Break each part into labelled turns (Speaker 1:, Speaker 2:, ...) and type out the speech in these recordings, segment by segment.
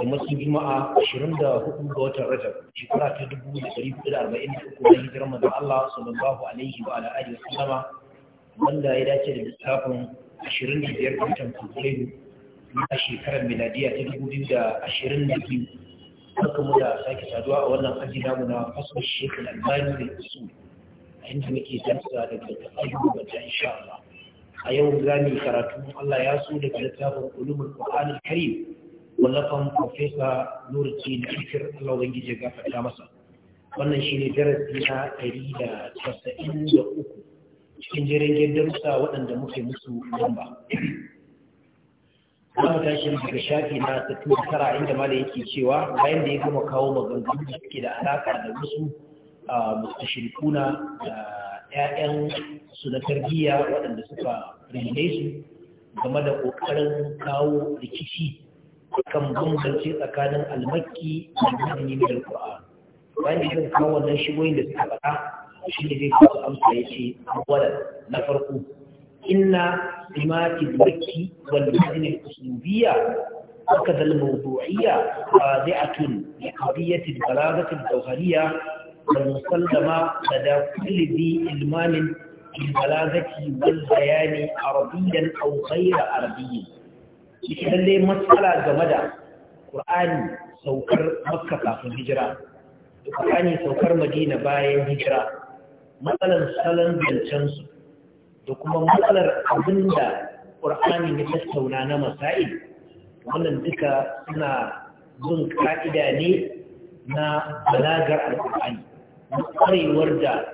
Speaker 1: yammacin juma'a 24 ga watan rajab shekara ta 1443 na hijirar manzon Allah sallallahu alaihi wa ala alihi wasallama wanda ya dace da lissafin 25 ga watan Fabrairu na shekarar miladiya ta 2022 haka mu da sake saduwa a wannan aji namu na fasar shekul albani da su a inda muke darsa daga ayyuka da insha Allah a yau za mu karatu Allah ya so daga littafin ulumul Qur'anul Karim wallafan profesa nurji da fikir Allah ubangiji ya gafarta masa wannan shi ne darasi na ɗari da casa'in da uku cikin jirgin darussa waɗanda muke musu lamba za mu tashi daga shafi na tattun tara inda mala yake cewa bayan da ya gama kawo maganganu da suke da alaƙa da wasu mustashirikuna da 'ya'yan su na tarbiyya waɗanda suka rinne su game da ƙoƙarin kawo rikici Kan bambanci tsakanin almakki da mutane da alƙura bayan da shiga kawo da suka faɗa shi ne zai kawo amsa ya ce wadda na farko inna limati makki wal madinil usubiyya aka dal mawdu'iyya qadi'atun li qadiyati balagati tawhariyya wal musallama lada kulli bi ilmanin bi balagati wal bayani arabiyyan aw ghayra arabiyyan shi lalle matsala game da ƙur'ani saukar Makka kafin hijira da Qur'ani saukar Madina bayan hijira matsalar salon da su da kuma matsalar abinda ƙur'ani ya tattauna na masail wannan duka suna zun ka'ida ne na balagar alƙur'ani na ƙwarewar da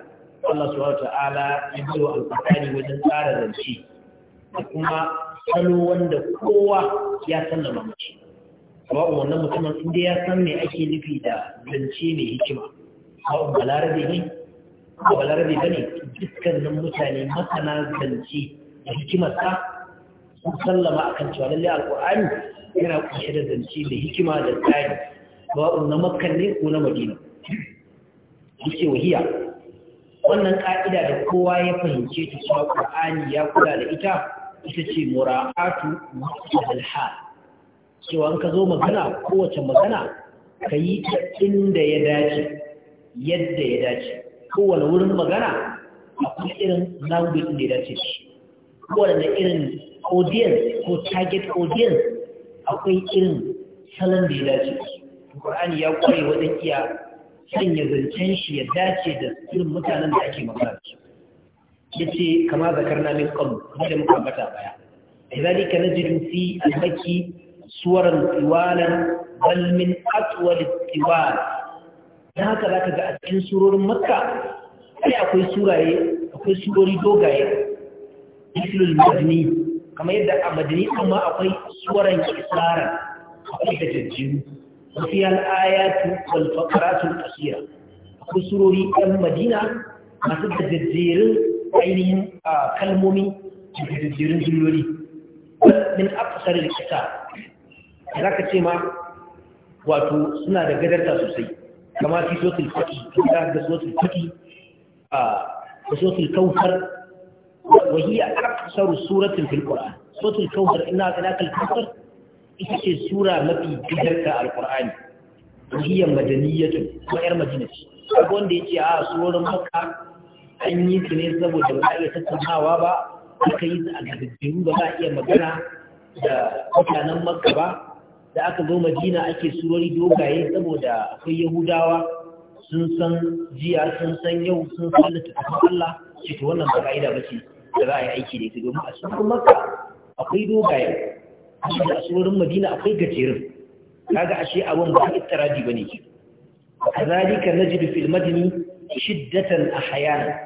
Speaker 1: Allah subhanahu wa ta'ala ya biyo alƙur'ani wajen tsara zance da kuma salo wanda kowa ya sallama mamaci amma wannan mutumin inda ya san me ake nufi da zance mai hikima sawa'un balarabe ne
Speaker 2: ko balarabe ba ne
Speaker 1: dukkanin mutane masana zance da hikimarsa sun sallama a kan cewa lallai alƙur'ani yana kunshe da zance mai hikima da tsari sawa'un na makkan ne ko na madina yace wahiya wannan ka'ida da kowa ya fahimce ta cewa qur'ani ya kula da ita ita ce mura'atu alhal cewa ka zo magana kowace magana ka yi ta inda ya dace yadda ya dace kowane wurin magana akwai irin language da ya dace shi kowane irin audience ko target audience akwai irin salon da ya dace Qur'ani ya kware wajen iya sanya zancen shi ya dace da irin mutanen da ake magana su yace kama zakarna min qabl kuma da muka bata baya lidhalika najidu fi al-makki suwaran tiwalan bal min atwal tiwal dan haka zaka ga a cikin surorin makka sai akwai suraye akwai surori dogaye mislul madni kamar yadda a madani amma akwai suwaran isara akwai da jajjiru وفي الآيات والفقرات القصيرة Akwai surori ɗan madina masu da الزير ainihin kalmomi jirgin jimloli min afisar da kita za ka ce ma wato suna da gadarta sosai kama fi sotul faki ta ga sotul faki da sotul kawfar wahiyar afisar suratun fil ƙura'a sotul kawfar ina tsanakal kawfar ita ce sura mafi gadarta al-ƙura'ani wahiyar madaniyatun ko 'yar madinaci wanda ya ce a surorin maka an yi su ne saboda ba za a iya tattaunawa ba aka yi su a gajejjeru ba za a iya magana da mutanen makka ba da aka zo madina ake surori dogaye saboda akwai yahudawa sun san jiya sun san yau sun san littattafan Allah ce to wannan ba ka'ida ba ce da za a yi aiki da ita domin a surorin makka akwai dogaye da a surorin madina akwai gajerun kaga ashe abin ba ittiraji bane ke kazalika najidu fil madini shiddatan ahyana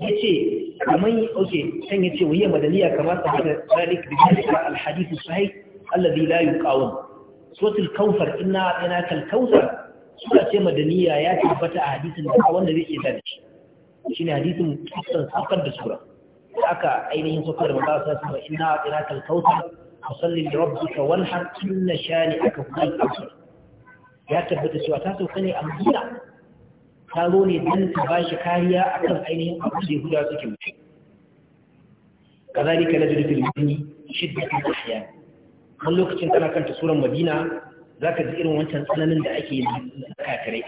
Speaker 1: yace kaman oke san yace wayya madaniya kamar ta hada zalik da zalika al hadith sahih alladhi la yuqawm suratul kawthar inna atayna al kawthar sura ce madaniya ya tabbata a hadisin da wanda zai iya shi shine hadisin kisan sakar da sura aka ainihin sakar da Allah sai kuma inna atayna al kawthar fasalli li rabbika wanhar inna shani'aka huwal abtar ya tabbata cewa ta sauka ne a madina Karo ne don ta ba shi kariya a kan ainihin abu da yahuda suke mutu kazalika na jirgin mini shidda ta tafiya wani lokacin kana kanta suran madina za ka ji irin wancan tsananin da ake yi na kafirai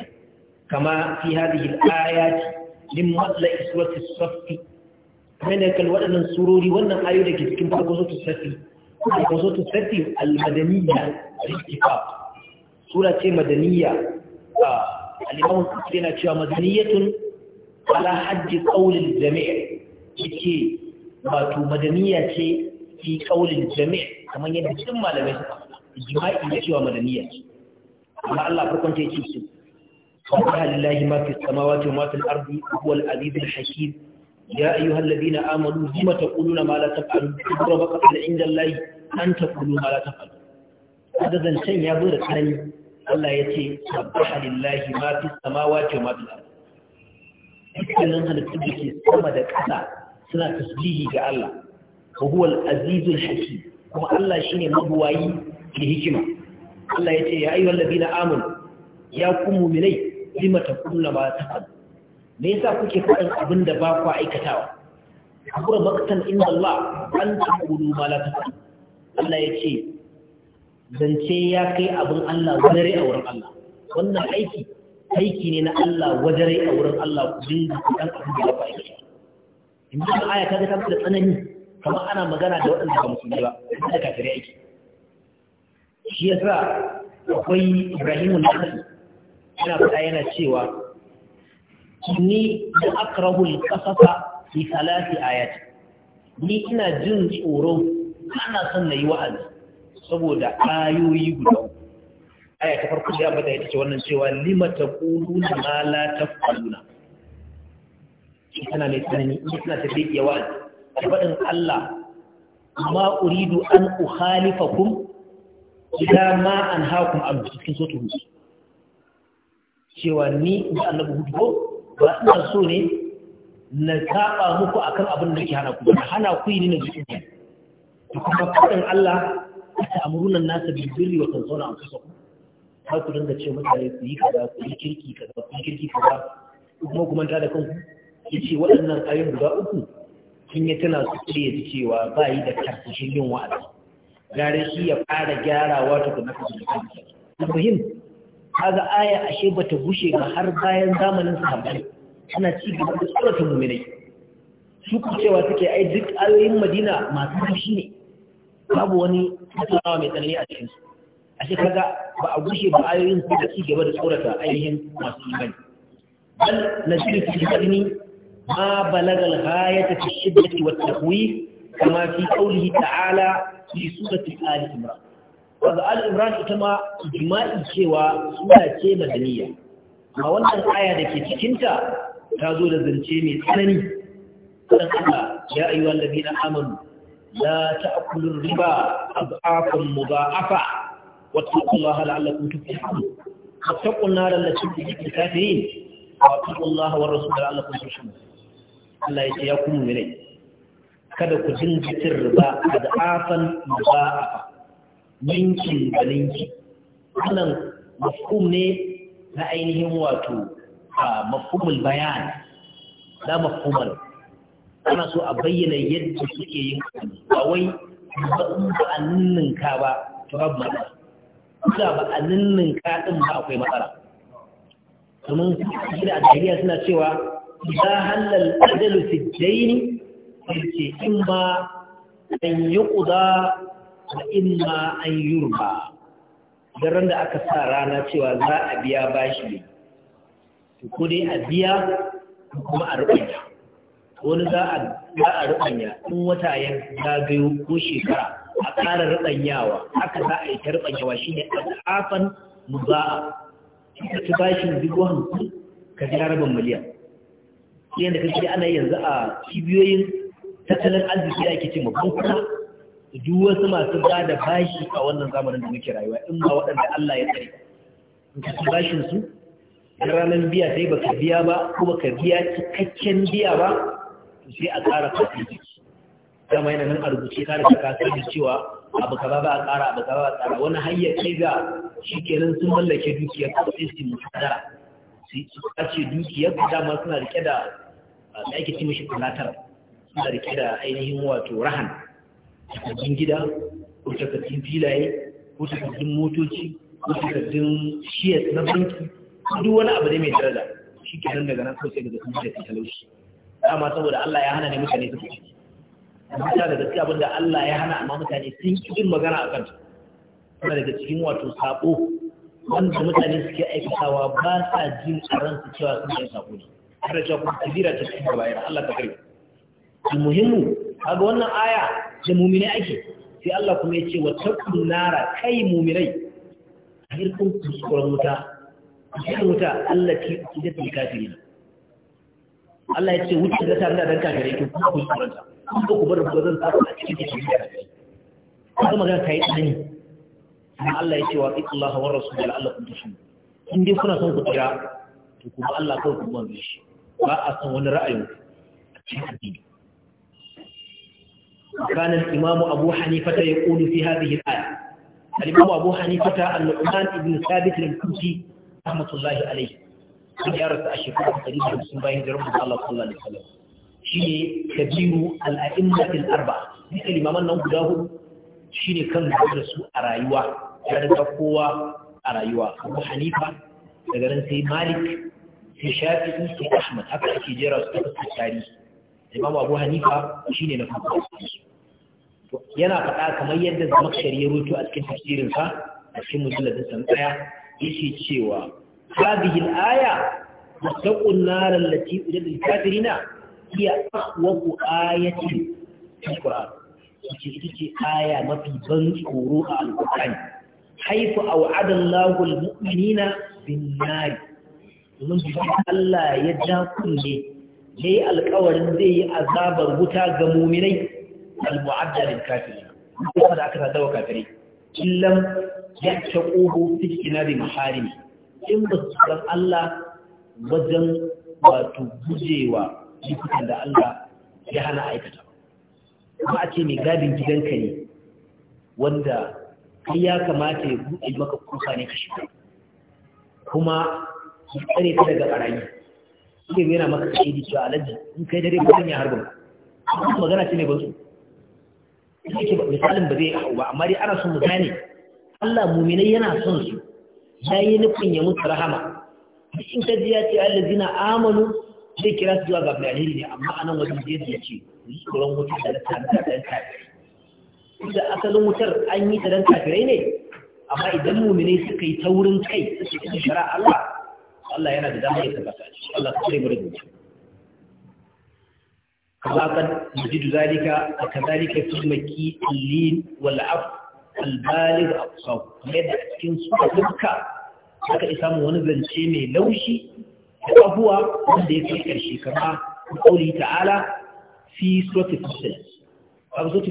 Speaker 1: kama fi hadhihi al-ayat min matla surati as-saff kamar da kal waɗannan surori wannan ayoyi da ke cikin farko suratul saff farko suratul saff al-madaniyya al-ittifaq sura ce madaniyya ah, al-imam yana cewa madaniyatun ala hajji qawlil jami' yake wato madaniya ce fi qawlil jami' kamar yadda cikin malamai suka faɗa ijma'i ne cewa madaniya ce amma Allah farkon ta yake su wa lillahi ma fi samawati wa ma ya ardi huwa al-aziz al-hakim يا أيها الذين آمنوا لم تقولون ما لا تفعلون كبر بقى عند ta Kulu تقولوا ما لا تفعلون هذا ذنسين يا ضير Allah ya ce sabbaha lillahi ma fi samawati wa ma dukkanin da ke sama da ƙasa suna tasbihi ga Allah wa huwa shaki kuma Allah shine mabuwayi da hikima Allah ya ce ya ayyuhal na Amun ya ku mu'minai lima ba ta taqul me yasa kuke faɗin abin da ba ku aikatawa kabura maktan inda Allah an taqulu ma la Allah ya ce zance ya kai abin Allah rai a wurin Allah wannan aiki aiki ne na Allah rai a wurin Allah ku dinga ku dan abin da ya fa in ba aya ta ga da tsanani kamar ana magana da waɗanda ba musulmi ba da kafirai aiki shi yasa akwai Ibrahim al-Nasi yana faɗa yana cewa ni da akrahu al-qasasa fi salati ayat ni ina jin tsoro ana son na yi wa'azi saboda ayoyi guda uku aya ta farko ya bata ita ce wannan cewa lima taquluna ma la tafaluna shi tana mai tsanani in tana ta biye wa'azi da Allah ma uridu an ukhalifakum ila ma anhaakum an cikin sotu hudu cewa ni da Allah hudu ko ba ina so ne na kaɓa muku akan abin da ke hana ku hana ku yi ne na jikin ku kuma faɗin Allah أتأمرون الناس بالبر وتنسون أنفسكم har ku dinga ce mutane su yi kaza ku yi kirki kaza ku yi kirki kaza ku kuma ku manta da kanku ya ce waɗannan ayoyin guda uku sun yi tana su ce ya cewa ba yi da karfashin yin wa'azi gare shi ya fara gyarawa ta kuma kasu da kansa na muhim kaga aya ashe bata gushe ga har bayan zamanin sahabbai ana ci gaba da tsorata muminai su ku cewa suke ai duk ayoyin madina masu fushi ne babu wani tattaunawa mai tsanani a cikinsu a shi kaga ba a gushe ba ayoyin su da cigaba da tsorata ainihin masu imani bal nasiru fi karni ma balagal ghayata fi shiddati wa tahwi kama fi qawlihi ta'ala fi surati ali imran wa ali imran ita ma jima'i cewa sura ce madaniya A wannan aya da ke cikinta ta zo da zance mai tsanani dan Allah ya ayyuhal ladina amanu Na ta akulun riba a ga'afin mu ba a fa wata Allah la'alakun tufi hannu a taɓun nanar da cikin jikin tafi yi a taɓun nahawar rasu da la'alakun tufi Allah ya ce ya kuma mere kada ku jin jikin riba a ga'afin mu a fa ninkin da wannan mafhum ne na ainihin wato a mafhumul bayan na mafhumar ana so a bayyana yadda suke yin ba wai ba a ninninka ba to babu matsala ba a ninninka din ba akwai matsala domin shi da ajiyar suna cewa za halal ajalu fi daini ce in ma an yi ƙuda in ma an Idan daren da aka sa rana cewa za a biya bashi ne ko dai a biya kuma a rubuta wani za a rubanya in wata ya biyu ko shekara a ƙara rubanyawa haka za a yi ta rubanyawa shi ne mu muza'a ka ci bashin dubu hamsin ka ji rabin miliyan yadda ka ce ana yanzu a cibiyoyin tattalin arziki da ake ce mabankuna duk wasu masu ba da bashi a wannan zamanin da muke rayuwa in ba waɗanda Allah ya tsare in ka ci bashin su ranar biya sai baka biya ba ko baka biya cikakken biya ba sai a ƙara kafin jiki yana nan a rubuce ka da kaka da cewa abu ba ba a ƙara abu kaza ba a ƙara wani hanyar kai ga shi kenan sun mallake dukiyar ka sai su mutadara su kace dukiyar ka dama suna rike da da ake ci mishi talatar suna rike da ainihin wato rahan takardun gida ko takardun filaye ko takardun motoci ko takardun shiyar na banki duk wani abu ne mai daraja shi kenan daga nan kawai sai daga kuma da talauci dama saboda Allah ya hana ne mutane su ci amma ta da gaskiya abinda Allah ya hana amma mutane sun ci jin magana a kanta suna daga cikin wato sabo wanda mutane suke aikatawa ba sa jin a ransu cewa sun yi sabo ne har da cewa kuma kabira ta cikin gaba yana Allah ta kare muhimmu, kaga wannan aya da mumine ake sai Allah kuma ya ce wa taqun nara kai muminai a hirkun kuskuren wuta kuskuren wuta Allah ke ita ta kafirin Allah ya ce wuce da tare da dan kafire ki kuma ku tsoron ta kuma ku bar ku zan tsara a cikin ki kuma magana kai tsani amma Allah ya ce wa atiqullaha wa rasuluhu la'allakum tashkurun in dai kuna son ku tsira to kuma Allah kawai ku wanzu shi ba a san wani ra'ayin a cikin addini كان الإمام أبو حنيفة يقول في هذه الآية الإمام أبو حنيفة النعمان بن ثابت الكوفي رحمة الله عليه an ya a shekara ta ɗari hamsin bayan hijirar manzo Allah sallallahu alaihi wasallam shine kabiru al-a'immatil arba duka limaman nan guda hudu shi ne kan da su a rayuwa ya riga kowa a rayuwa Abu Hanifa daga nan sai Malik sai Shafi, Shafi'i sai Ahmad haka ake jera su ta tarihi Imam Abu Hanifa shi ne na farko yana faɗa kamar yadda zama ya rubuta a cikin tafsirinsa a cikin mujalladin sa na ɗaya yake cewa هذه الآية واتقوا النار التي أجد للكافرين هي أخوف آية في القرآن تجي آية ما في بنت a القرآن حيث أوعد الله المؤمنين بالنار domin Allah ya ja kunne ya yi alkawarin zai yi azabar wuta ga muminai al-mu'addalin kafiri kuma da aka sadawa kafiri ya ta ƙoho fi in ba su san Allah wajen wato gujewa jikutan da Allah ya hana aikata kuma a ce mai gadin gidanka ne wanda kai ya kamata ya buɗe maka kuka ne ka shiga kuma ya tsare ka daga ɓarayi shi ne yana maka kaɗe da cewa alaji in kai dare ba zan yi harbin kuma magana ce ne ba su misalin ba zai hau ba amma dai ana son mu gane Allah muminai yana son su ya yi nufin ya mutu rahama in ka ji ya ce Allah zina amanu sai kira su zuwa ga alheri ne amma anan wajen da ya ce yi tsoron wutar da lantarki da lantarki da asalin wutar an yi ta dan kafirai ne amma idan mumine suka yi ta wurin kai suka yi shara Allah Allah yana da damar ya tabbata shi Allah ta sai gurin mutum kazakan yajidu zalika wa kadhalika fi makki lin wal af al baligh aqsab yadda cikin suka duka aka isa mu wani zance mai laushi da abuwa wanda ya kai ƙarshe kama kauli ta'ala fi suratul fusilat abu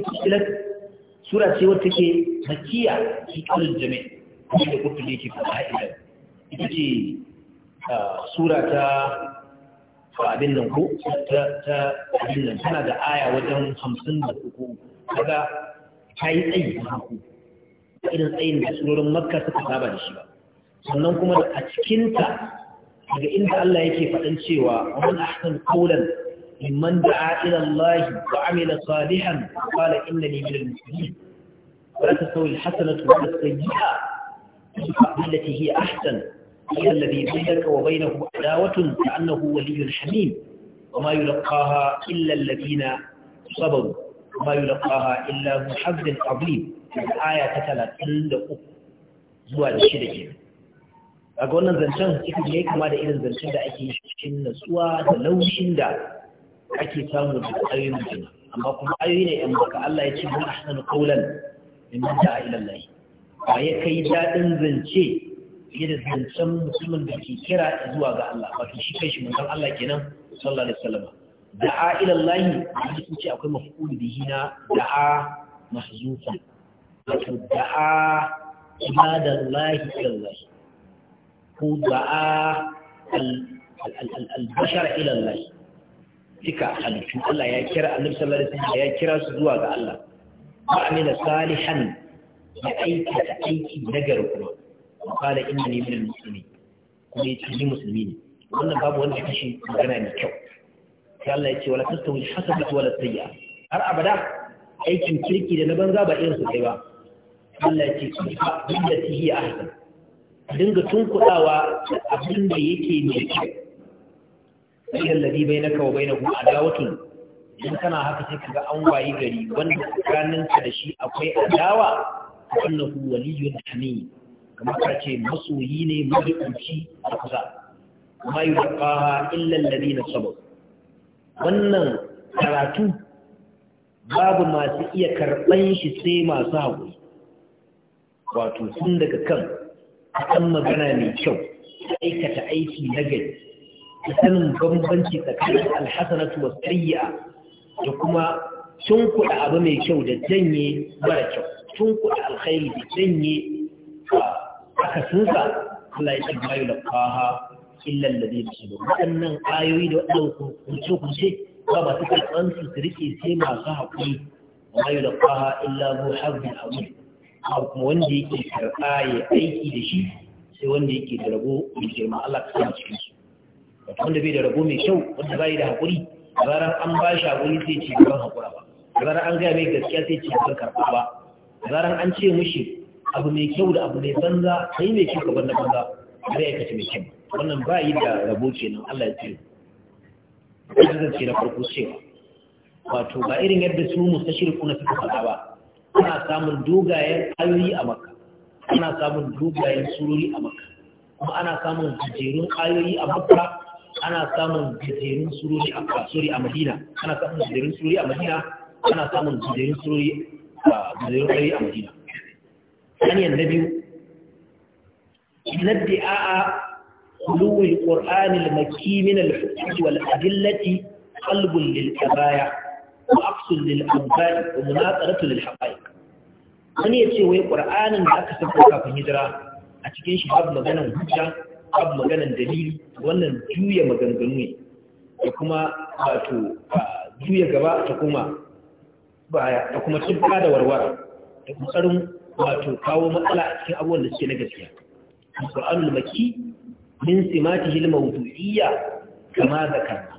Speaker 1: sura ce wacce ke makiya fi kaulin jami'a kuma da kuka ne ke fara idan ita ce sura ta abin nan ko ta abin nan tana da aya wajen hamsin da uku kaga ta yi tsayi na haku irin tsayin da surorin makka suka saba da shi ba sannan kuma a cikinta daga inda Allah yake faɗin cewa wani ahsan kolan imman da ila Allah wa amila salihan kala inna ni bil muslimin wala tasawil hasanatu wa sayyi'a suka allati hi ahsan hiya alladhi bainaka wa bainahu adawatun ka annahu waliyyun hamim wa ma yulqaha illa alladhina sabaru wa ma yulqaha illa hu hazzun azim aya ta 33 zuwa 6 kenan a ga wannan zancen cikin ya kama da irin zancen da ake cikin natsuwa da laushin da ake samu da ayoyin mutum amma kuma ayoyi ne yan baka Allah ya ce mun ahsanu qawlan mimman da'a ila Allah ba ya kai dadin zance fiye da zancen mutumin da ke kira zuwa ga Allah wato shi kai mun manzon Allah kenan sallallahu alaihi wasallam da'a ila Allah sun ce akwai maf'ul bihi na da'a mahzufa wato da'a ibadallahi ila Allah ko da'a al-bashar ila Allah kika halittu Allah ya kira Annabi sallallahu alaihi ya kira su zuwa ga Allah wa amila salihan ya aikata aiki na nagari kuma qala innani min al-muslimin kuma yace ni musulmi ne wannan babu wanda ya kashi magana mai kyau sai Allah ya ce wala tastawi hasabatu wala sayyi'a har abada aikin kirki da na banza ba irin su kai ba Allah ya ce ki ta yi a ahsan dinga tunkuɗawa abin da yake mai kyau sai ladi bai na kawo bai na kuma adawatun idan kana haka sai kaga an wayi gari wanda tsakaninka da shi akwai adawa annahu waliyun hamid kamar ka ce masoyi ne mabukunci a kusa ma yi illa alladhina sabaru wannan karatu babu masu iya karɓan shi sai masu haƙuri wato tun daga kan ɗan magana mai kyau da aikata aiki na gari da sanin bambanci tsakanin alhassanatu wa sayya da kuma tunkuɗa abu mai kyau da janye mara kyau tunkuɗa alkhairi da janye akasinsa Allah ya ce bayu da kaha illan da zai ci waɗannan ayoyi da waɗannan kunce-kunce ba ba su karɓar su rike sai masu haƙuri bayu da kaha illa zuwa haɗin haɗin wanda yake karɓa ya aiki da shi sai wanda yake da rabo mai girma Allah ka sa cikin su wanda bai da rabo mai kyau wanda bai da hakuri da zaran an ba shi hakuri sai ce ban hakura ba da zaran an gaya mai gaskiya sai ce ban karɓa ba da zaran an ce mushi abu mai kyau da abu mai banza sai mai kyau gaban na banza zai aikata mai kyau wannan ba yi da rabo kenan Allah ya tsere ce na farko cewa wato ba irin yadda su mu mustashirku na suka faɗa ba ana samun dogayen ayoyi a maka ana samun dogayen surori a maka kuma ana samun gajerun ayoyi a maka ana samun gajerun surori a a madina ana samun gajerun surori a madina ana samun gajerun surori a gajerun a madina hanyar na biyu nadda a'a خلو القرآن المكي من الحجج wani ya ce wai ƙur'anin da aka sako kafin hijira a cikin shi abu maganan hujja abu maganan dalili wannan juya maganganu ne da kuma wato juya gaba ta kuma baya da kuma da warwara da kusurin wato kawo matsala a cikin abubuwan da suke na gaskiya al Maki min simati al-mawdu'iyya kama zakarna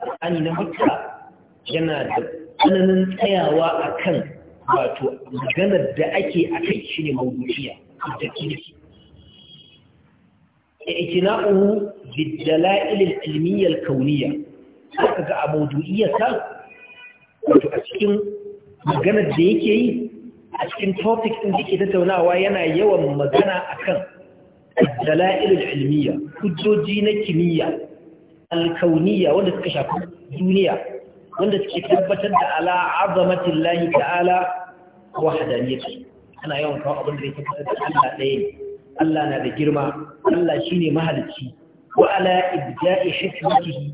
Speaker 1: Qur'ani na Makka yana da tsananin tsayawa akan wato maganar da ake a kai shi ne mawuciya da kirki itina'uhu biddala'il al-ilmiyya al-kauniyya aka ga abudiyarsa wato a cikin maganar da yake yi a cikin topic ɗin da yake tattaunawa yana yawan magana a kan dala'il ilil ilmiyya hujjoji na kimiyya al wanda suka shafi duniya wanda suke tabbatar da ala azamatin lahi ta'ala ko hadaniyati ana yawan kawo abin da yake da Allah ɗaya ne Allah na da girma Allah shine mahalicci wa ala ibda'i hikmatihi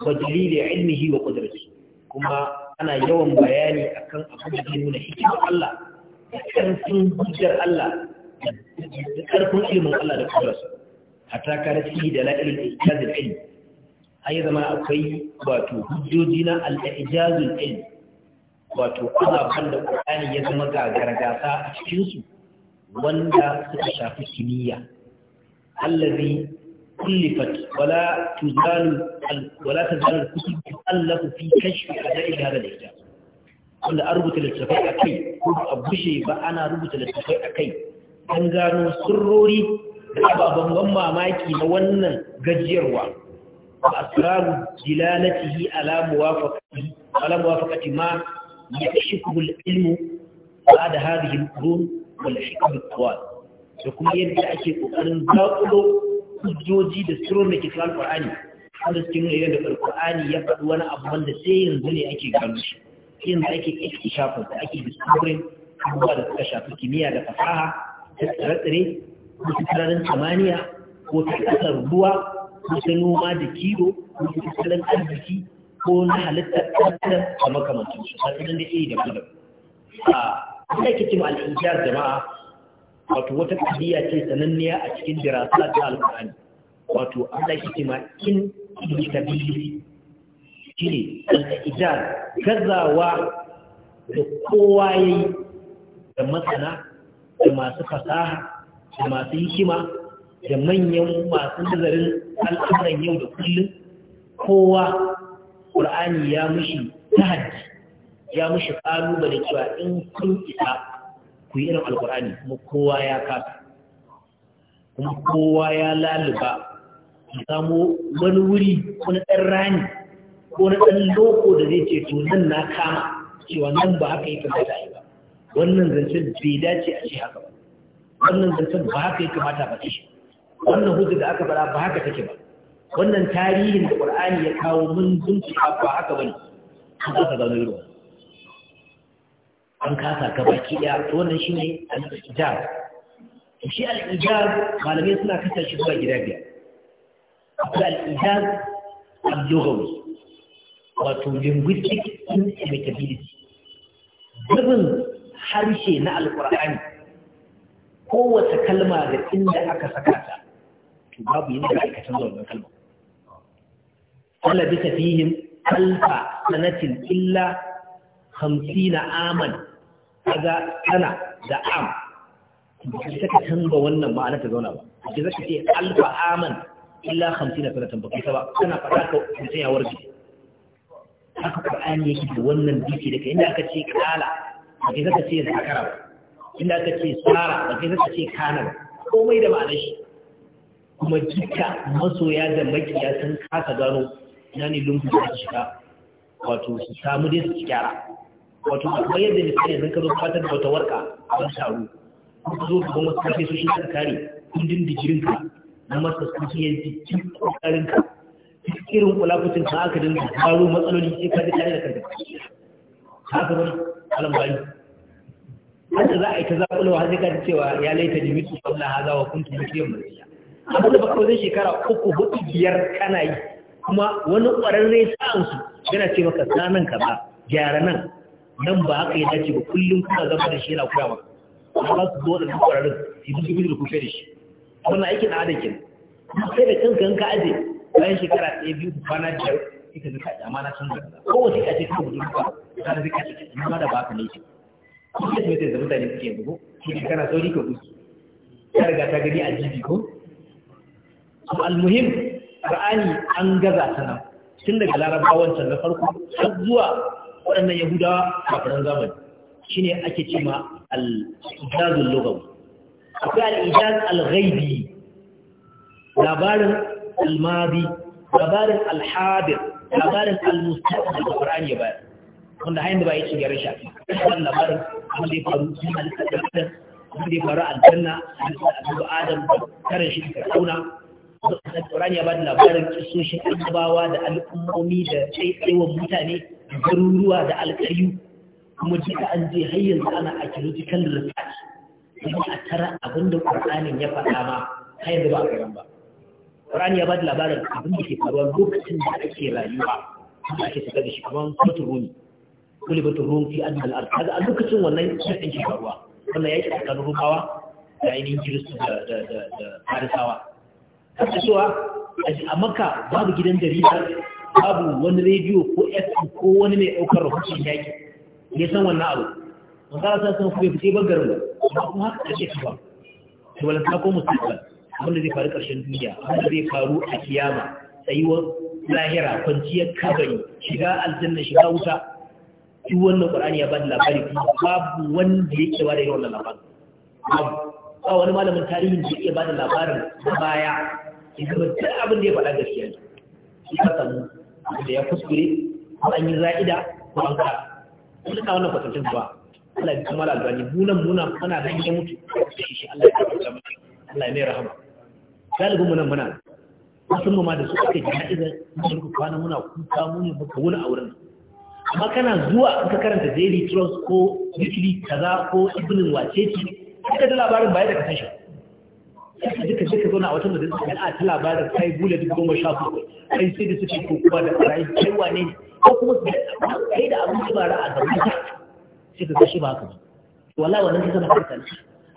Speaker 1: wa dalil ilmihi wa qudratihi kuma ana yawan bayani akan abin da nuna hikima Allah da karfin hujjar Allah da karfin ilimin Allah da kudrasa hatta kana cikin dalailul ijaz ilm ai zama akwai wato hujjoji na al ilm wato ana da ƙur'ani ya zama gargasa a cikinsu wanda suka shafi kimiyya allazi kullifat wala tuzalu wala tazalu kutub Allah fi kashfi adai hada da kitab wanda an rubuta littafai a kai ko a bushe ba ana rubuta littafai a kai an gano sirrori da ababen ban mamaki na wannan gajiyarwa a asiraru jilalatihi ala muwafaqati ma يكشفه العلم بعد هذه القرون والحكم الطوال وكما يبدأ أكي قرن باقلو hujjoji da surun da ke cikin alƙur'ani wanda suke nuna idan da alƙur'ani ya faɗi wani abu wanda sai yanzu ne ake gano shi sai yanzu ake ikhtishafin da ake discovering abubuwa da suka shafi kimiyya da fasaha ta tsare-tsare ko ta sararin samaniya ko ta ƙasar ruwa ko ta noma da kiwo ko ta tattalin arziki ko na halittar ɗanɗan da makamantar su a tsirin da ke da kudin a ina ke cin al'ijar jama'a wato wata kadiya ce sananniya a cikin dirasa ta alƙur'ani wato an da ke cima in ilmi shi ne al'ijar gazawa da kowa ya yi da masana da masu fasaha da masu hikima da manyan masu nazarin al'amuran yau da kullum kowa ƙur'ani ya mushi tahaddi ya mushi ƙalubale cewa in kun isa ku yi irin alƙur'ani kuma kowa ya kasa kuma kowa ya laluba ku samu wani wuri wani ɗan rani ko na ɗan loko da zai ce to nan na kama cewa nan ba haka yi kamata yi ba wannan zancen bai dace a ce haka ba wannan zancen ba haka yi kamata ba ce wannan hujja da aka fara ba haka take ba wannan tarihin da ƙur'ani ya kawo mun bincika ba haka bane an kasa gano ruwa an kasa ka baki ɗaya to wannan shi ne ijab shi al malamai suna kasa shi zuwa gida biyar akwai al-ijab al-lughawi wato linguistic intelligibility zubin harshe na alƙur'ani kowace kalma da inda aka saka ta to babu yin da aikatan zaunar kalma. ولبث فيهم ألف سنة إلا خمسين عاما هذا أنا ذا عام كيف تنبى وانا ما أنا تزونا با كيف تنبى ألف عاما إلا خمسين سنة تنبى كيف تنبى أنا فتاك وانسي أورجي أكا قرآن يكيد وانا بيكي لك إنا أكا تشيك آلا كيف تنبى زكرا إنا أكا تشيك سارا كيف تنبى كانا وما إذا ما عليش kuma duka masoya da makiya sun kasa gano ina ne lungu da shiga wato su samu dai su gyara wato akwai yadda misali yanzu ka zo fatar da wata warka a wani taro ka zo ka gama kafe su shi ka kare kundin digirin ka na masa su shi ya ji cikin kokarin ka irin kulakutin ka aka dinga karo matsaloli sai ka ji tare da kanka ga ban alam bani haka za a yi ta zaƙulowa har sai ka ji cewa ya laita jimitu sallah haza wa kuntum mutiyan marziya abin da ba kawai shekara uku hudu biyar kana yi kuma wani ƙwararre sa'ansu yana ce maka sanan ka ba gyara nan nan ba haka yi dace ba kullum kuna zama da shi yana kura Kuma ba su zo su ƙwararrun su bi gudu da kufe da shi aiki na adakin. Kuma sai da kanka in ka aje bayan shekara ɗaya biyu ku kwana biyar ita zuka zuka amma na canza ko kowace ka ce ka gudu da ta da zuka ce amma da ba ka ne ce kuma ya tsaye da mutane suke yanzu ko shi kana sauri ka gudu ya riga ta gani a jibi ko al-muhim ra'ani an gaza ta nan tun daga larabawan can na farko har zuwa waɗannan yahudawa kafiran zamani ne ake ce ma al-ijazul lugawi akwai al-ijaz al-ghaibi labarin al-madi labarin al-hadir labarin al-mustaqbal da Qur'ani ya bayar wanda hayin da ba ya ci gare shi wannan labarin wanda ya faru sun halitta da wanda ya faru aljanna da Adam karin shi da Fir'auna Alƙur'ani ya ba da labarin kisoshin annabawa da al'ummomi da tsaitsaiwan mutane garuruwa da alƙaryu kuma duka an je har yanzu ana archaeological research kuma a tara abinda Qur'anin ya faɗa ma har yanzu ba a karan ba Qur'ani ya ba da labarin abin da ke faruwa lokacin da ake rayuwa kuma ake saka da shi kamar kotun rumi kuli batun ruwan fi adnal ard kaga a lokacin wannan yakin ke faruwa wannan yaki tsakanin rubawa da ainihin kiristu da farisawa haka cewa a maka babu gidan jarida babu wani rediyo ko fm ko wani mai ɗaukar rahoton yaƙi ya san wannan abu manzara sa san kuma fice bangaren ba amma kuma haka ƙarshe ta ba to wala ta ko musulman abinda zai faru ƙarshen duniya abinda zai faru a kiyama tsayuwar lahira kwanciyar kabari shiga aljanna shiga wuta duk wannan qur'ani ya ba da labari kuma babu wanda yake ba da yawan labarin babu ba wani malamin tarihin da yake ba da labarin na baya ya zama abin da ya faɗa gaskiya ne shi ka samu da ya kuskure ko an yi za'ida ko an kara wani na wannan kwatancin ba Allah ya kamala albani munan muna mana da ya mutu shi Allah ya kamala Allah ya mai rahama galibin mu nan muna wasu mu ma da suka kai jana'iza mun ku kwana muna kuka mun muka wuni a wurin amma kana zuwa ka karanta daily trust ko weekly kaza ko ibnin wacece ka da labarin baya da kasashe suka duka suka zauna a wata majalisa sana'a ta labarin kai bule duk goma sha bakwai kai sai da suke kokowa da ɓarayi kai wane ne ko kuma su kai da abin da bara a gaban ka sai ka gashi ba haka ba wallahi wannan ta zama harkar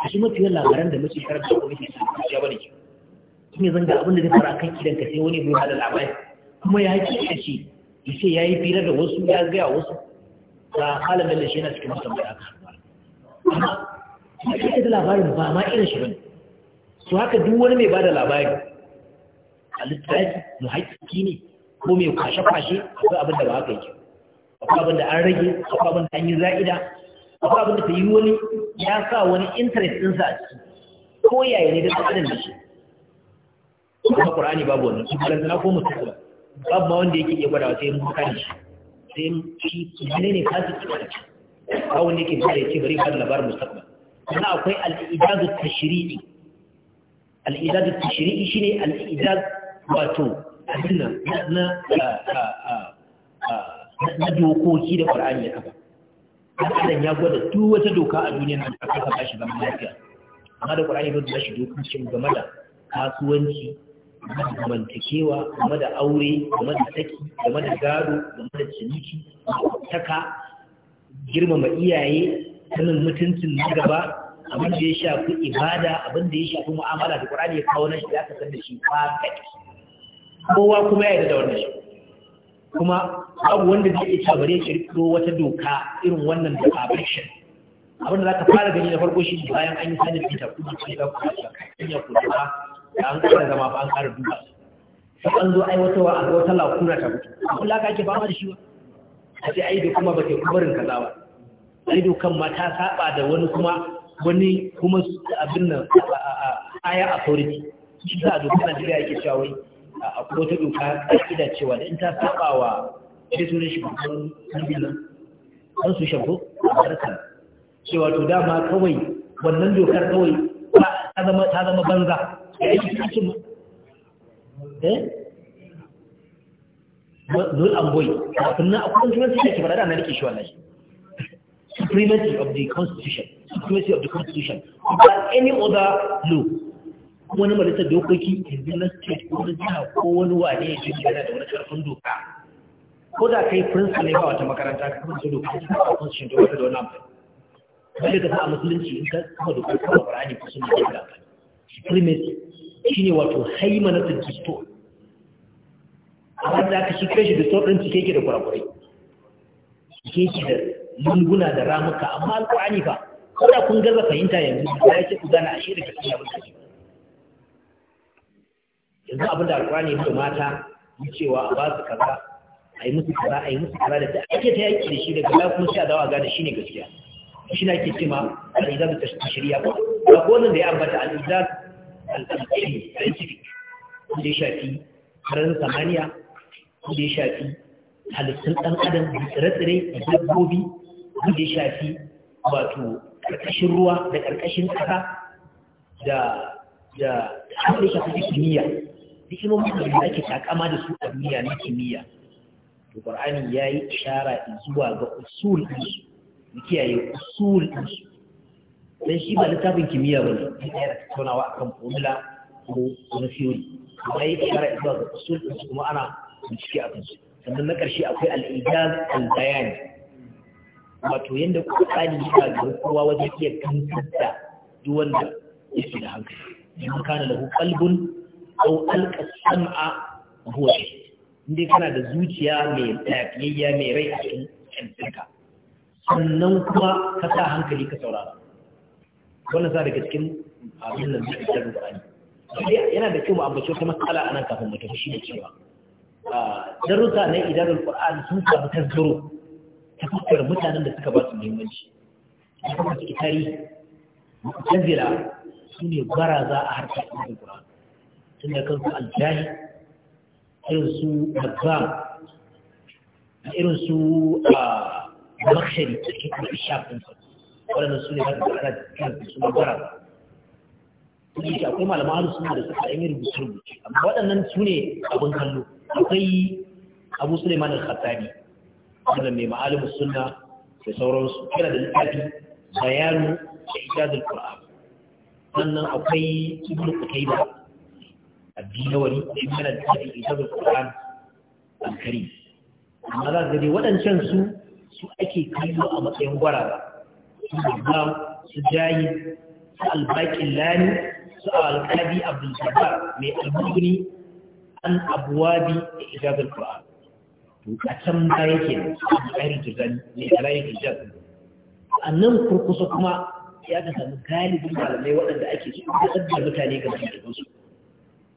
Speaker 1: a shi mafi yin labaran da muke karanta ko muke ya bane ki kin yanzu ga abin da zai fara kan idan ka sai wani bai hada labari kuma ya ce ya ce ya ce ya yi filar da wasu ya gaya wasu ga halin da shi yana cikin musamman da aka amma ita da labarin ba ma irin shi bane to haka duk wani mai bada labari a littafi mu haƙƙi ne ko mai kwashe-kwashe akwai abin da ba haka yake akwai abin da an rage akwai abin da an yi za'ida akwai abin da ta yi wani ya sa wani intanet ɗinsa a ciki ko yaya ne da tsarin da shi kuma ƙur'ani babu wannan su balantana ko mutum babu ma wanda yake iya gwadawa sai mun kare shi sai shi ne ne kasu ci wani ba wanda yake gwada ya ce bari kan labarin mustaqbal sannan akwai al'ijazu tashri'i al'idad tashri'i shine al'idad wato abinnan na na dokoki da Qur'ani ya kafa Adam ya gwada duk wata doka a duniya nan aka kafa shi zama lafiya amma da Qur'ani ba shi dokokin game da kasuwanci game da game da aure game da saki game da gado game da ciniki taka girmama iyaye sanin mutuncin na gaba abin da ya shafi ibada abin da ya shafi mu'amala da Qur'ani ya kawo nashi ya kasar da shi kai kowa kuma ya yarda da wannan shi kuma abu wanda zai iya tabare shi rikiro wata doka irin wannan da perfection abin da zaka fara gani na farko shi bayan an yi sanin fita kuma sai ka kuma kai ya kuma da an kara zama ba an kara duba sai an zo aiwatarwa a wata lakuna ta fito a kula ka ake fama da shi ba a sai ai da kuma ba ta kubarin kaza ba sai dokan ma ta saba da wani kuma wani kuma abin nan aya authority shi za a doka na Najeriya yake cewa wai a wata doka ka'ida cewa da in ta saba wa sai sunan shi babban harbin nan an su shago a harkar cewa to dama kawai wannan dokar kawai ta zama banza ya yi cikin eh zul amboy kafin na akwai turanci shi ke faɗa da na rike shi wannan supremacy of the constitution supremacy of the constitution ba any other law wani majalisar dokoki yanzu na state ko na jiha ko wani wane ya ce yana da wani karfin doka ko da kai principal ne ba wata makaranta ka kuma doka ta constitution da wata da wani amfani Wani ka sa a musulunci in ka kafa dokar kafa ƙwarani ko sun yi da amfani supremacy shine wato haimanatul distort amma da aka shi kai shi distort ɗin cike yake da kurakurai cike yake da lunguna da ramuka amma alƙur'ani ba. ko kun gaza fahimta yanzu ba ya yake ku gana a shi da gaskiya ba yanzu abin da alƙur'ani ya mata yi cewa a ba su kaza a yi musu kaza a yi musu kaza da ta ake ta yaki da shi daga baya kuma sha dawa gane shi ne gaskiya shi na ke cima al'izar da ta shirya ko ba ko wannan da ya ambata al'izar al'amfani scientific wanda ya shafi sararin samaniya wanda ya shafi halittun ɗan adam da tsire-tsire da dabbobi wanda ya shafi wato ƙarƙashin ruwa da ƙarƙashin ƙasa da da abin da shafi kimiyya duk ilimin da ake takama da su a duniya na kimiyya to qur'ani ya yi ishara zuwa ga usul din su mu kiyaye usul din su dan shi ba littafin kimiyya ba ne yana da tattaunawa akan formula ko wani theory amma yayi ishara zuwa ga usul din su kuma ana bincike a kansu sannan na ƙarshe akwai al-ijaz al-bayani wato yadda Qur'ani yana da kowa wajen iya kantar da duk wanda yake da hankali in kana da kalbun ko alka sam'a ko shahid inda kana da zuciya mai tafiyayya mai rai a cikin kantarka sannan kuma ka sa hankali ka saurara wannan sa daga cikin abin nan da ke yana da kyau mu ambace wata matsala anan kafin mu tafi shi da cewa ah, darussa na idanul Qur'an sun samu tasgaro ta mutanen da suka ba su muhimmanci da kuma suke tarihi mu'tazila su ne baraza a harkar ilimin qur'ani tun da kansu aljahi irin su mazam irin su makshari da ke kuma shafin sa waɗannan su ne haka da ana kiran su ne baraza kuma akwai malaman hannu suna da suka yi rubutu rubutu. amma waɗannan su ne abin kallo akwai abu suleiman al-khattabi malam mai ma'alimu sunna da sauransu yana da littafi bayanu da ijazul qur'an sannan akwai ibn qutayba ad-dinawari da ibn al-tafi ijazul qur'an al-karim amma za ka ga waɗancan su su ake kallo a matsayin ba su imam su jayi su albaƙin lani su alƙadi abdul jabbar mai albuni an abuwabi a ijazul qur'an a can ba yake ne a nan kurkusa kuma ya ka samu galibin malamai waɗanda ake su da tsaddar mutane ga mutanensu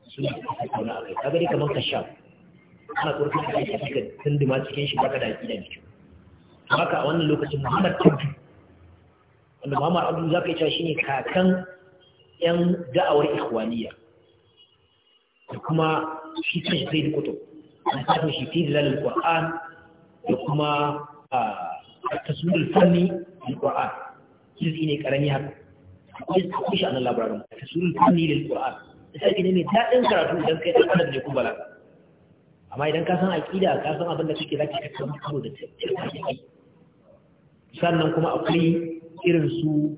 Speaker 1: su ne a a kai kagari kamar ka sha ana kurkusa da ake suka tunduma cikin shi baka da aƙida ne haka a wannan lokacin muhammad ta wanda muhammad abdu za ka yi shi ne kakan yan da'awar ikhwaniya da kuma shi kan zai kutu an kafa shi fi zilalin ƙwa'an da kuma a taswirar fanni da ƙwa'an jirgi ne ƙarami haka akwai akwai shi a nan labarin taswirar fanni da ƙwa'an misali ne mai daɗin karatu idan kai ɗan adam ne kuma bala amma idan ka san aƙida ka san abin da kake zaki kakkan karo da tattalin sannan kuma akwai irin su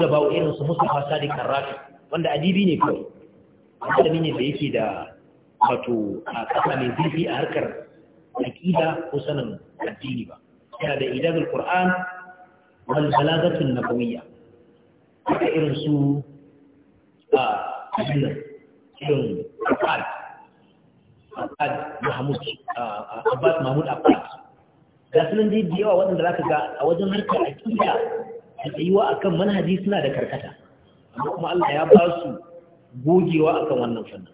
Speaker 1: da bawo irin su musu fasa da karrafi wanda adibi ne kawai malami ne da yake da wato a kasa mai zurfi a harkar aƙida ko sanin addini ba yana da idadul qur'an wal na nabawiyya haka irin su a ajiyar irin akad akad mahmud abbas mahmud abbas ga sunan da yawa waɗanda zaka ga a wajen harkar aƙida da tsayuwa akan manhaji suna da karkata amma kuma Allah ya ba su gogewa akan wannan fannin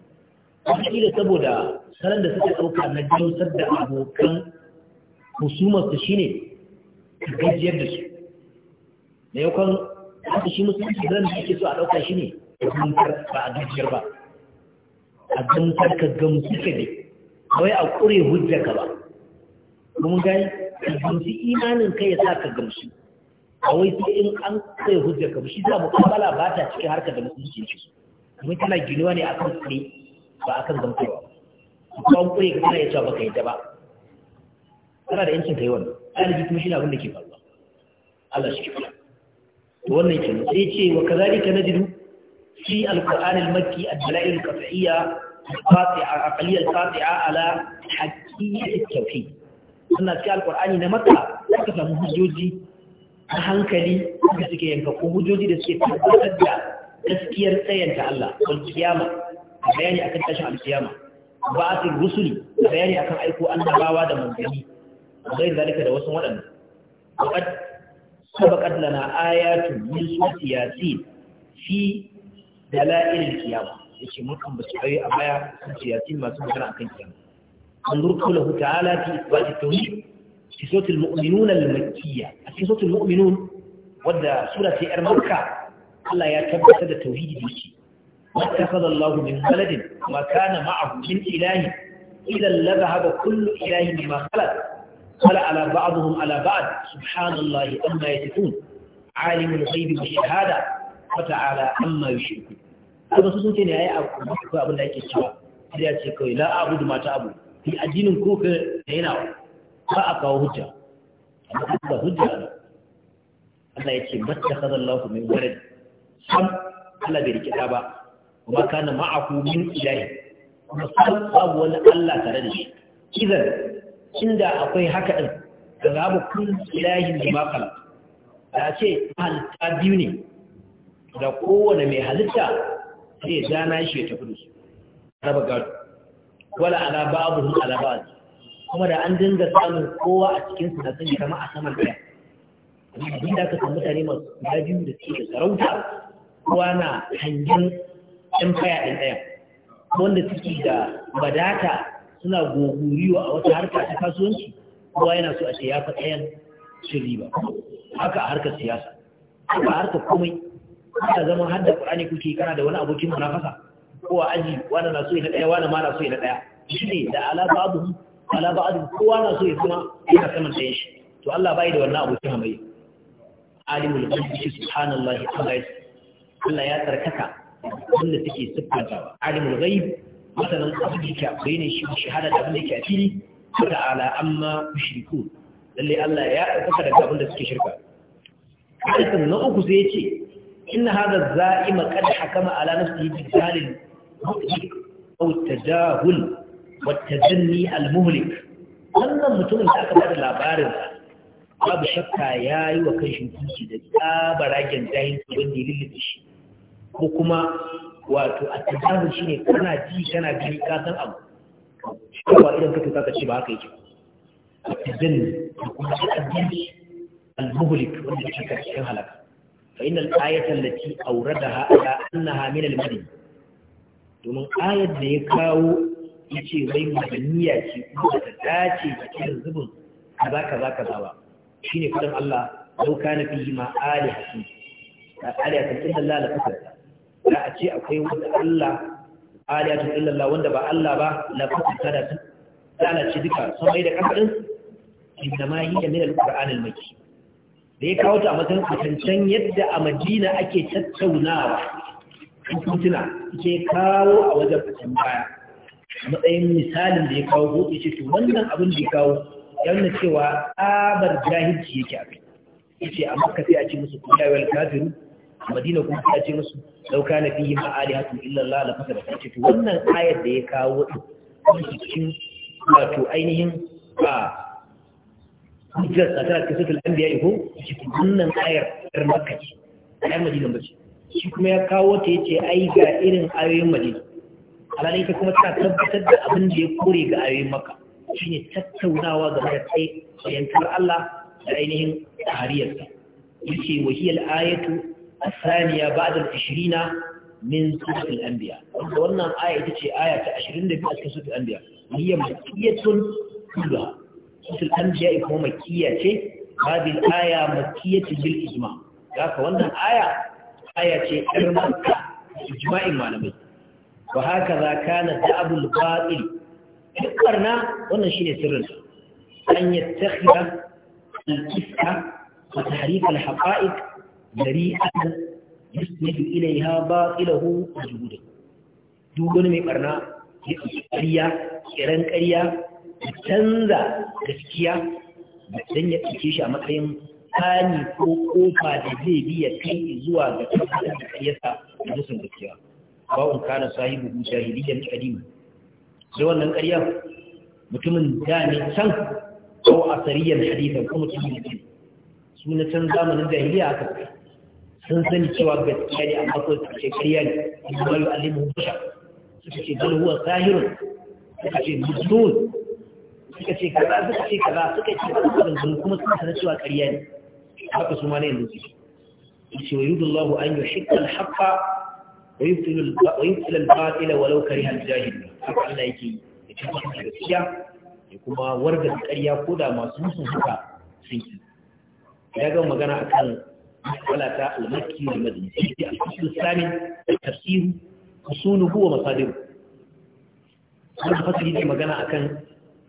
Speaker 1: wataƙila saboda salon da suka ɗauka na gamsar da abokan husumarsu shi ne gajiyar da su da yakon haka shi musulunci zan da ake so a ɗauka shi ne gamsar ba a gajiyar ba a gamsar ka gamsu ka ne kawai a ƙure hujja ka ba kuma gani ka gamsu imanin kai ya sa ka gamsu a wai sai in an ƙure hujja ka ba shi za mu kamala ba ta cikin harkar da musulunci su. kuma tana ginuwa ne a kan tsaye ba a kan zamtowa ba an kure ka kana ya cewa baka yadda ba Tana da yancin kai wannan ɗalibi kuma shi na abin da ke faruwa Allah shi kira to wannan kenan sai ce wa kazalika najidu fi alquran almakki ad-dalail al-qat'iyya al-qati'a aqliyya al-qati'a ala haqiqati at-tauhid wannan cikin alqur'ani na makka aka samu hujjoji a hankali da suke yanka ko hujjoji da suke tabbatar da gaskiyar tsayanta Allah wal kiyama a bayani akan tashin alkiyama ba a tsirru a bayani akan aiko an dabawa da manzanni a zai zalika da wasu waɗanda ba saba ƙadda na ayatu yin su a siyasi fi da la'in alkiyama ya ce mutum ba su ɓaye a baya su siyasi masu magana akan kiyama an rukun lahu ta'ala fi ba'i tauhid fi sotil mu'minuna al-makkiya a cikin sotil mu'minun wadda sura ta yar marka Allah ya tabbatar da tauhidi da واتخذ الله من ولد ما كان معه من إله إذا لذهب كل إله مما خلق قال على بعضهم على بعض سبحان الله أما يتكون عالم الغيب والشهادة فتعالى أما يشركون kuma su sun ce ne ya yi abu abin da ya ce kawai la abu da mata abu fi addinin ko ba a kawo hujja amma ba hujja ne Allah ya ce matta kaza Allah min bai rikita ba kuma kana ma'ahu min ilahi kuma babu wani Allah tare da shi idan inda akwai haka din da za mu kun ilahin da ba kala da ce halitta biyu ne da kowane mai halitta sai ya dana shi ya tafi da su raba gado wala ala ba'dhum ala ba'd kuma da an dinga samun kowa a cikin su da sun kama a saman daya inda aka san mutane masu guda biyu da suke da sarauta kowa na hangen Empire faya ɗin ɗaya wanda suke da badata suna goguriwa a wata harka ta kasuwanci kowa yana so a ce ya fi ɗayan cin riba haka a harkar siyasa haka a harkar komai haka zama har da ƙur'ani kuke kana da wani abokin munafasa ko a aji wani na so ya na ɗaya wani ma na so ya na ɗaya shi ne da ala ba'adu kowa na so ya kuma yana saman ɗayan shi to Allah bai da wannan abokin hamayya alimul ghaibi subhanallahi ta'ala Allah ya tsarkaka wanda suke siffantawa alimul ghaib masanan abin da akwai ne shi shahada da abin da yake a fili ta'ala amma yushriku lalle Allah ya saka da abin da suke shirka hadisin na uku sai yace inna hadha za'ima qad hakama ala nafsihi bi zalil aw tajahul wa tajanni al muhlik wannan mutumin da aka bada labarin babu shakka yayi wa kai shi da tsabaragen jahilci wanda ya lillibe shi ko kuma wato a tajazu shi ne kana ji kana gani ka san abu cewa idan ka tuka ka ce ba haka yake a tajazu da kuma ta'addini al-muhlik wanda yake karshen halaka fa innal ayata allati awradaha ala annaha min al-madin domin ayat da ya kawo yace wai madaniya ce kuma ta dace da irin zubin kaza kaza kaza ba shine kudin Allah law kana fihi ma alihatun alihatun illa la fakata da a ce akwai wanda Allah aliyatu illallah wanda ba Allah ba la fasata da lalace duka samai da kafarin inda ma yi da alqur'an almaki da ya kawo ta a matsayin kusancan yadda a Madina ake tattaunawa kutuna ke kawo a wajen kusan baya matsayin misalin da ya kawo ko ce to wannan abin da ya kawo ya nuna cewa tsabar jahilci yake a kai yace a makka sai a ce musu kuyawal kafiru a madina kuma sai a ce musu na fi fihi ma alihatu illa Allah da fasada ta wannan ayar da ya kawo cikin wato ainihin a hujjar tsakarar kisatul anbiya ko cikin wannan ayar ɗar makaci a ayar majina ba ce shi kuma ya kawo ta yace ai ga irin ayoyin majina Al'alai ta kuma ta tabbatar da abin da ya kore ga ayoyin maka. shi ne tattaunawa game da tsayantar Allah da ainihin tahariyarsa yace wahiyal ayatu الثانية بعد العشرين من سورة الأنبياء وأن آية تتشي آية عشرين من سورة الأنبياء وهي مكية كلها سورة الأنبياء هو مكية هذه الآية مكية بالإجماع ذاك وأن آية آية إرمكة إجماع المعلمين وهكذا كان دعب القائل فكرنا وأن شيء سرنا أن يتخذ الإفكة وتحريف الحقائق dari'atan yusnidu ilaiha baqilahu wa juhudu duk wani mai barna ya ƙarya kiran ƙarya da canza gaskiya dan ya ɗauke shi a matsayin kani ko kofa da zai biya kai zuwa ga tattalin da ƙaryarsa da dusun gaskiya bawon kana sahibu jahiliyyar kadima sai wannan ƙarya mutumin da ne can ko asariyar hadisan ko mutumin da su na can zamanin jahiliya aka kai سنسل سواب التالي أخطوة الشيكريان إنه يؤلمه بشر سكشي بل هو ساهر سكشي مجدود سكشي كذا سكشي كذا سكشي كذا سنكم سنسل سواب التالي حق سمالين بشي ويود الله أن يحق الحق ويبتل, الب... ويبتل الباطل ولو كره الجاهل حق الله يكي يتبعنا بشيا يكما ورد الكريا قدا ما سنسل سنسل سنسل سنسل سنسل ولك المكي والمدني في الفصل الثاني تفسير أصوله ومصادره هذا الفصل يجي مجانا أكن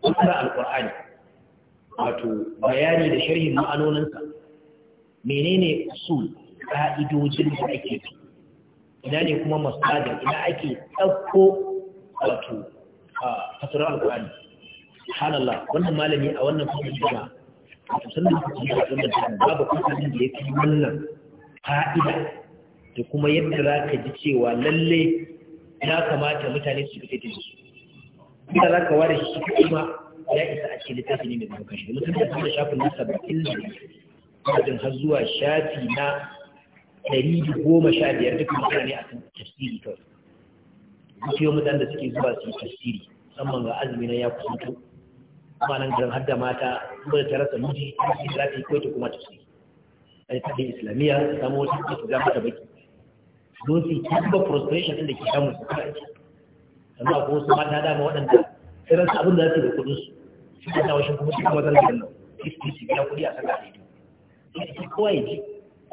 Speaker 1: أسرع القرآن wato bayani da sharhin ma'anoninsa menene usul ka'idojin da ake ina ne kuma masadin ina ake ɗauko wato a fasirar alƙur'ani subhanallah wannan malami a wannan fasar jama'a a sannan kuma ya zama da babu kusurin da ya fi wannan fa'ida da kuma yadda za ka ji cewa lalle ya kamata mutane su fita da su ina za ka ware shi kuma ya isa a cikin littafi ne mai zama kashi mutum da kuma shafin na saba'in da wajen har zuwa shafi na ɗari goma sha biyar duk mutane a kan tafsiri kawai. Mutum yau mutane da suke zuwa su yi tafsiri, musamman ga azumi na ya kusanto ba nan garin hadda mata ba ta rasa miji ta za ta yi kwaito kuma ta su a yi tafi islamiyya ta samu wasu ta su zama ta baki don su ta ba frustration ɗin da ke samun su kawai sannan akwai wasu mata dama waɗanda sai rasa abin da za su yi da kuɗin su su ta tawashin kuma su kuma zalgin nan su su biya kudi a saka da ido ita kawai ji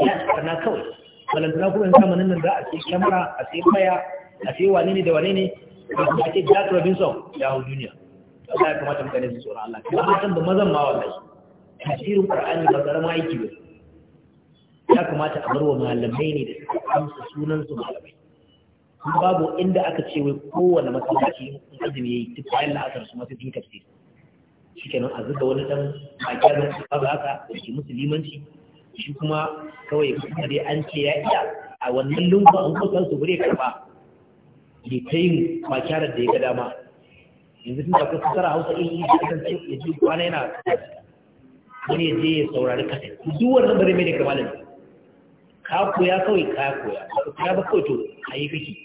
Speaker 1: ya tsarna kawai balantana kuma yanzu zamanin nan za a sai kyamara a sai baya a sai wane ne da wane ne da kuma ake jack robinson ya hau duniya Allah ya kamata mutane su tsoron Allah kuma matan da mazan ma wallahi tasirin Qur'ani ba karama aiki ba ya kamata a barwa malamai ne da suka amsa sunan su malamai babu inda aka ce wai kowane masallaci in azumi yayi duk bayan la'asar su masu jin tafsir shikenan a zuga wani dan makiyar da babu haka da ke musulmanci shi kuma kawai kuma an ce ya iya a wannan lungu an kusa su gure karba ke ta yin makiyarar da ya ga dama yanzu tun da akwai fasara hausa in yi kan ce ya ji kwana yana wani ya je ya saurari kasai duk wannan bare mai da kamar malami ka koya kawai ka koya ka ba kawai to yi kake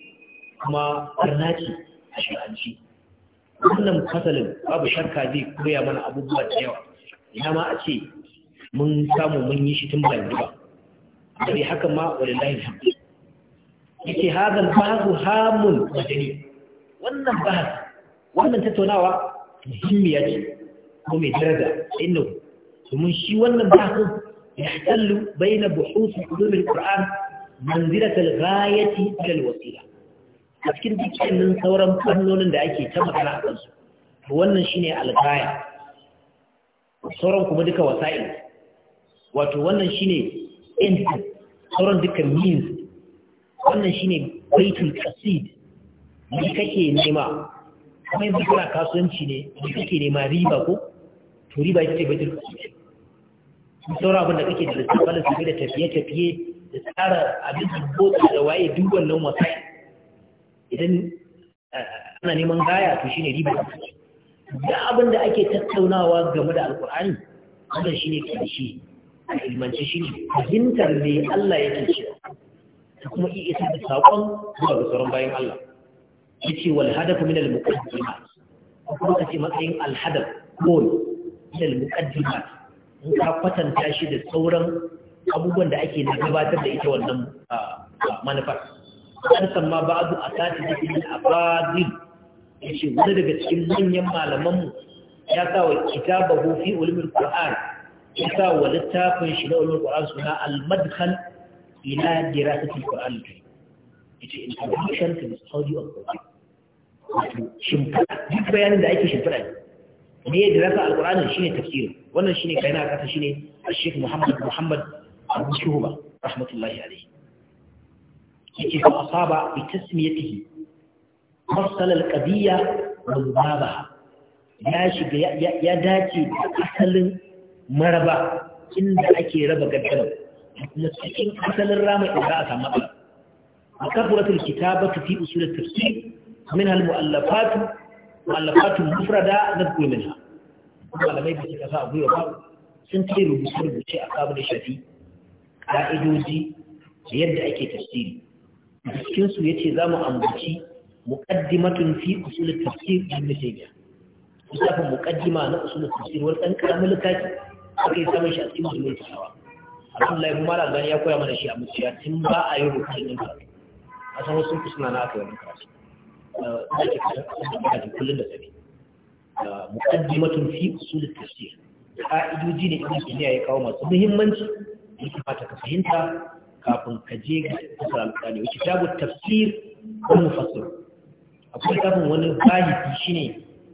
Speaker 1: kuma karna ce a shi'anci wannan fasalin babu shakka zai koya mana abubuwa da yawa ina ma a ce mun samu mun yi shi tun ba yanzu ba bari haka ma wani layin hamdu yake babu bahu hamun madani wannan bahas wannan tattaunawa muhimmiya ce ko mai daraja inna domin shi wannan bakin ya tallu na buhuth ulum alquran manzilat alghayati ila alwasila a cikin dukkanin sauran fannonin da ake ta magana a kansu wannan shi shine alghaya sauran kuma duka wasa'il wato wannan shi shine end sauran duka means wannan shi shine baitul qasid ne kake nema kuma yanzu kana kasuwanci ne da kake ma riba ko to riba ita ce baitul mali sun saura abin da kake da su ne da tafiye-tafiye da tsara abin da bota da waye dubban nan wasai idan eh, ana neman gaya to shine riba da abin da ake tattaunawa game da alkur'ani wannan ne karshe a ilmance shine fahimtar ne Allah yake cewa da kuma iya isa da saƙon zuwa ga sauran bayan Allah yace wal hadafu min al muqaddimat kuma kace matsayin al hadaf goal min al muqaddimat in ka kwatanta shi da sauran abubuwan da ake na gabatar da ita wannan manufar an samma a sati da a ibn ya ce wani daga cikin manyan malaman mu ya sa wa kitabahu fi ulumul qur'an ya sa wa littafin shi na ulumul qur'an suna al madkhal ila dirasatil qur'an yace introduction to the study of the qur'an shimfiɗa duk bayanin da ake shimfiɗa ne me ya dirasa alƙur'anin shine tafsirin wannan shine kai na kasa shine Sheikh Muhammad Muhammad Abu Shuba rahmatullahi alayhi yake ko asaba bi tasmiyatihi fassal al-qadiyya wa mubabaha ya shiga ya dace da asalin maraba inda ake raba gaddama kuma cikin asalin rama in za a samu matsala a kafuratul kitabatu fi usul at-tafsir min hal mu'allafatu mu'allafatu mufrada na koyi minha malamai da suka sa a gwiwa ba sun kai rubuce-rubuce a kabu da shafi ka'idoji da yadda ake tafsiri cikinsu ya ce za mu ambaci muƙaddimatun fi usulun tafsir ibn taymiya lissafin muƙaddima na usulun tafsir wani ɗan ƙaramin littafi yi samun shi a cikin musulun tasawa kuma malam gani ya koya mana shi a mutuwa tun ba a yi rubutun ɗin karatu a san wasu suna na aka yi karatu ake karatun kullum da sabi muqaddimatun fi usul tafsir ka'idoji ne ibn taymiya ya kawo masu muhimmanci da kamata ka fahimta kafin ka je ga tafsir al-qur'ani wa kitabu tafsir wal mufassir akwai kafin wani bahisi shine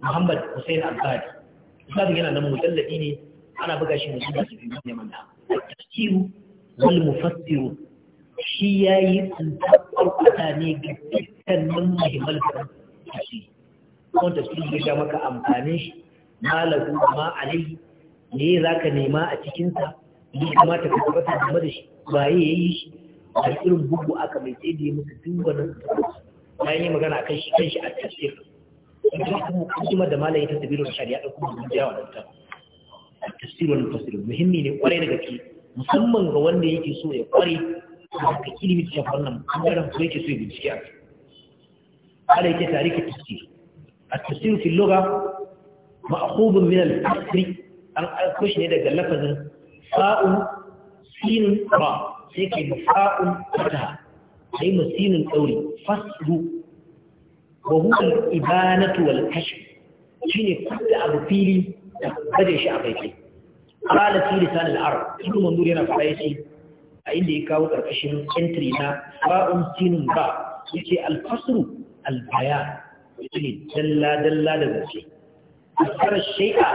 Speaker 1: Muhammad Hussein Al-Badi misali yana nan mujalladi ne ana buga shi mujalladi su biyu ne manna tafsir wal mufassir shi yayi tsantsar ne ga waɗannan muhimman tafsiri wanda su yi ga maka amfanin shi malahu ma alai ne za ka nema a cikinsa ne kamata ka tabbata game da shi ba ya yi shi a irin bugu aka mai tsaye da ya musu dingwanin bayan yi magana kan shi kanshi a tafsir ita kuma kuma da malai ta tabiru da shari'a da kuma zuciya wa danta tafsir wani tafsir muhimmi ne kwarai da gaske musamman ga wanda yake so ya kware da ilimi ta wannan bangaren ko yake so ya bincike a kai على تاريخ التفسير التفسير في اللغة مأخوذ من الأصل الكوش هذا اللفظ فاء سين راء سيكي فاء فتها أي مسين الأولي فصل وهو الإبانة والكشف شيني كنت أبو فيلي بدأ شعبيتي قال في لسان العرب كل منظور هنا فعيسي عندي كاو تركشن انتري نا فاء سين راء يكي الفصل albaya shi dalla-dalla da A kasar shai'a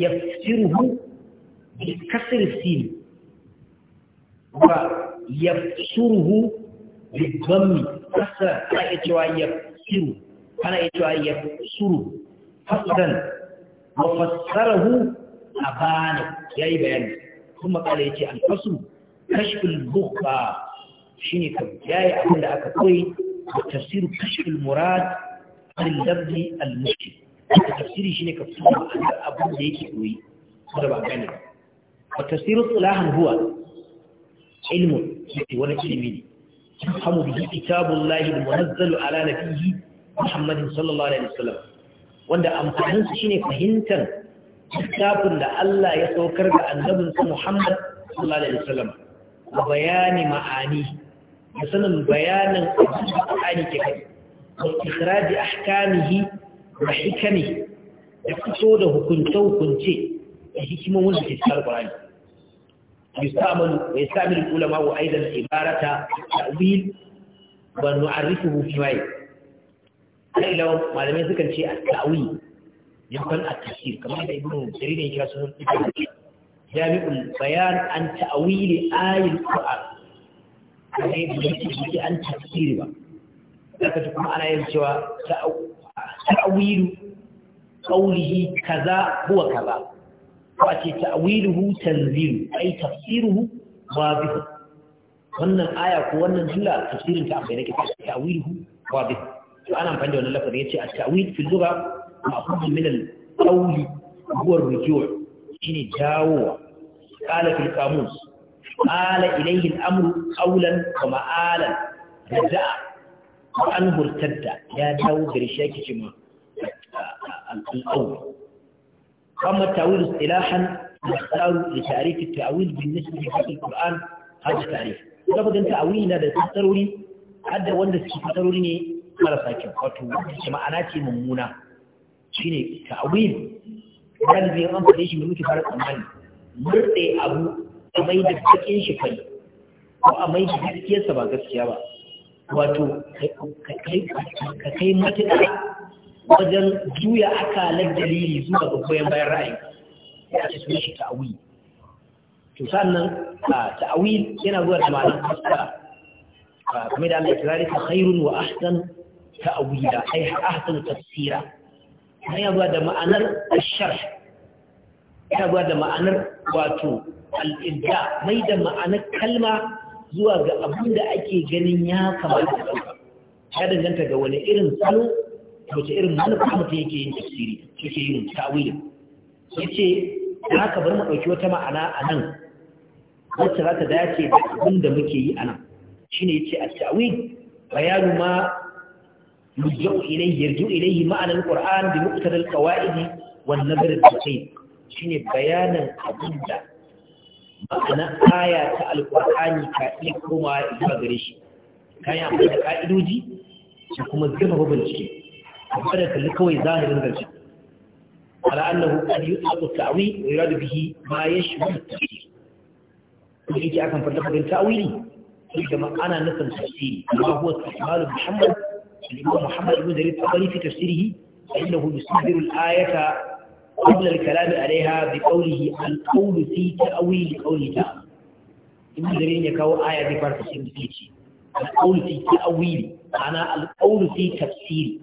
Speaker 1: ya firhu bi kasar sin ba ya surhu bi gwamni kasar ana iya cewa ya firu ana iya cewa ya suru fasaran a bana ya yi bayani kuma kala ya ce alfasu kashfin bukba shi ne kan yayi abin da aka koyi tafsir kashfil murad al labdi al mushkil tafsiri shine ka fito da abin da yake koyi ko da ba gane ba wa wani ilimi ne يفهم به كتاب الله المنزل على نبيه محمد صلى الله عليه وسلم wanda amfanin su shine fahimtar kitabun da Allah ya saukar da annabinsa Muhammad sallallahu alaihi wasallam bayani ma'ani da bayanin abin da Qur'ani ke kai wa ikhraji ahkamihi wa hikami da fito da hukunce hukunce da hikimomin da ke cikin Qur'ani يستعمل ويستعمل العلماء أيضا عبارة التأويل ونعرفه فيما har ila malamai sukan ce at-ta'wi yakan a tafsir kamar da ibnu jarir ya kira sunan jami'ul bayan an ta'wili ayatul qur'an a ne da yake jiki an tafsiri ba daga ta kuma ana yin cewa ta'awilu qawlihi kaza huwa kaza ko a ce ta'awiluhu tanzilu ai tafsiruhu wadih wannan aya ko wannan jumla tafsirin ta amfani nake ta'awiluhu wadih to ana amfani da wannan lafazin yace at-ta'wil fil lugha ma'khudun min al-qawli huwa ar-ruju' shine dawowa qala fil qamus ala ilayhi al'amru qawlan wa ma'alan rajaa wa an hurtadda ya dawo garshe yake ce ma al-awwal kama ta'wil istilahan yasaru li ta'rif at-ta'wil بالنسبه li al-Qur'an da ta'rif lafazin ta'wil na da tsarori hadda wanda suke tsarori ne marasa kyau wato ma'ana ce mummuna shine ta'wil dan zai amfani shi da muke fara tsammani murde abu a mai da bakin shi fari ko a mai da gaskiyarsa ba gaskiya ba wato ka kai matuƙa wajen juya akalar dalili zuwa ga goyon bayan ra'ayi ya ce suna shi ta'awil to sannan ta'awil yana zuwa da malam fasara kamar da Allah ya kira ta khairun wa ahsan ta'awila ai ahsan tafsira yana zuwa da ma'anar sharh yana ba da ma'anar wato al'idda mai da ma'anar kalma zuwa ga abin da ake ganin ya kamata ɗauka ya danganta ga wani irin salo wace irin manufa mutum yake yin tafsiri yake yin tawili ya ce da haka bari mu ɗauki wata ma'ana a nan wacce za ta dace da abin da muke yi a nan shi ne ya ce a tawil bayanu ma yurji'u ilayhi ma'anar qur'an bi muqtadal qawaidi wan nazar al-daqiq ne bayanin abin da ma'ana aya ta alƙur'ani ka iya koma zuwa gare shi kayan amfani da ka'idoji da kuma zurfafa bincike a fadar kalli kawai zahirin zance ala annahu qad yutlaqu ta'wi wa yurad bihi ma ya yashmu at-tafsir kuma yake akan fadar kalli ta'wili da ma'ana na tafsiri amma huwa tafsir Muhammad al-Imam Muhammad ibn Jarir tabari fi tafsirihi فإنه يصدر الآية قبل الكلام عليها بقوله القول في تأويل قوله تعالى إما درين يكاو آية دي فارس سنتيجي القول في تأويل معنى القول في تفسير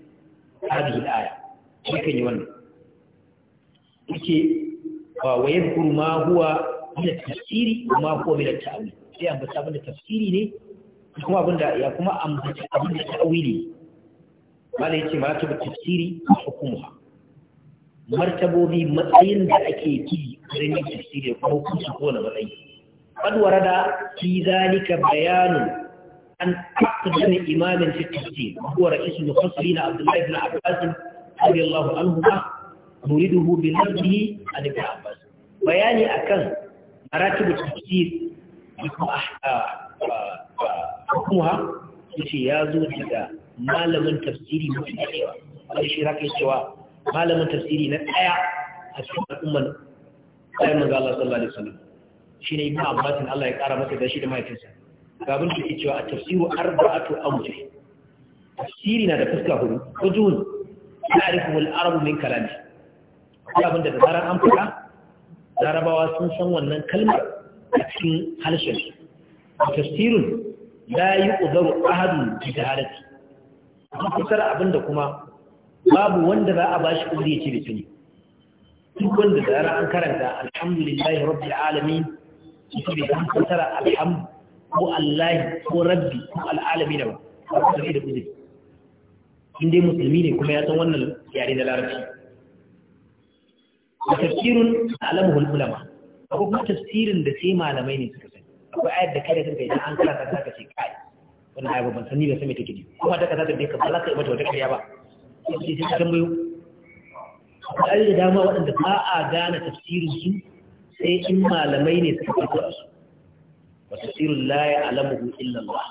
Speaker 1: هذه الآية شكا يوانا يكي ويذكر ما هو من التفسير وما هو من التأويل sai ambata abinda tafsiri لي kuma abinda ya kuma ambata abinda ta'awili malai yace ma ta tafsiri martabobi matsayin da ake ki don yin tafsiri ko hukunci ko na matsayi qad warada fi zalika bayanun an aqdam imamin fi tafsir huwa ra'is al-mufassirin Abdullah ibn Abbas radiyallahu anhu nuriduhu bi nafsihi an ibn Abbas bayani akan maratib tafsir kuma ah, ah, ah, yace ya zo daga malamin tafsiri mutum da yawa wanda shi raka cewa malamin tafsiri na ɗaya a cikin al'ummar ayyar manzo Allah sallallahu alaihi wasallam shi ne ibn Abbas Allah ya kara masa da shi da mahaifinsa ga abin da yake cewa tafsiru arba'atu awjuh tafsiri na da fuska hudu wajun ya'rifu al-arabu min kalami akwai abin da da zaran an fada larabawa sun san wannan kalmar a cikin harshen tafsirun la yuqdaru ahadun bi jahalati an kusar abin da kuma babu wanda za a bashi kudi ya ce da tuni duk wanda da yara an karanta alhamdulillahi rabbil alamin shi bai san fasara alhamdu ko allahi ko rabbi ko al'alami al'alamin ba ba su da kudi in dai musulmi ne kuma ya san wannan yare na larabci da tafsirun alamul ulama akwai kuma tafsirin da sai malamai ne suka sani akwai ayar da kai da kanka idan an karanta za ka ce kai wannan ayar ban sani da sami mai take ji kuma ta kasa da bai ka ba za ka yi mata wata karya ba tafsiri sai ka tambayo akwai ayoyi da dama waɗanda ba a gane tafsirin su sai in malamai ne suka fito a su wa tafsirun la ya alamu illa Allah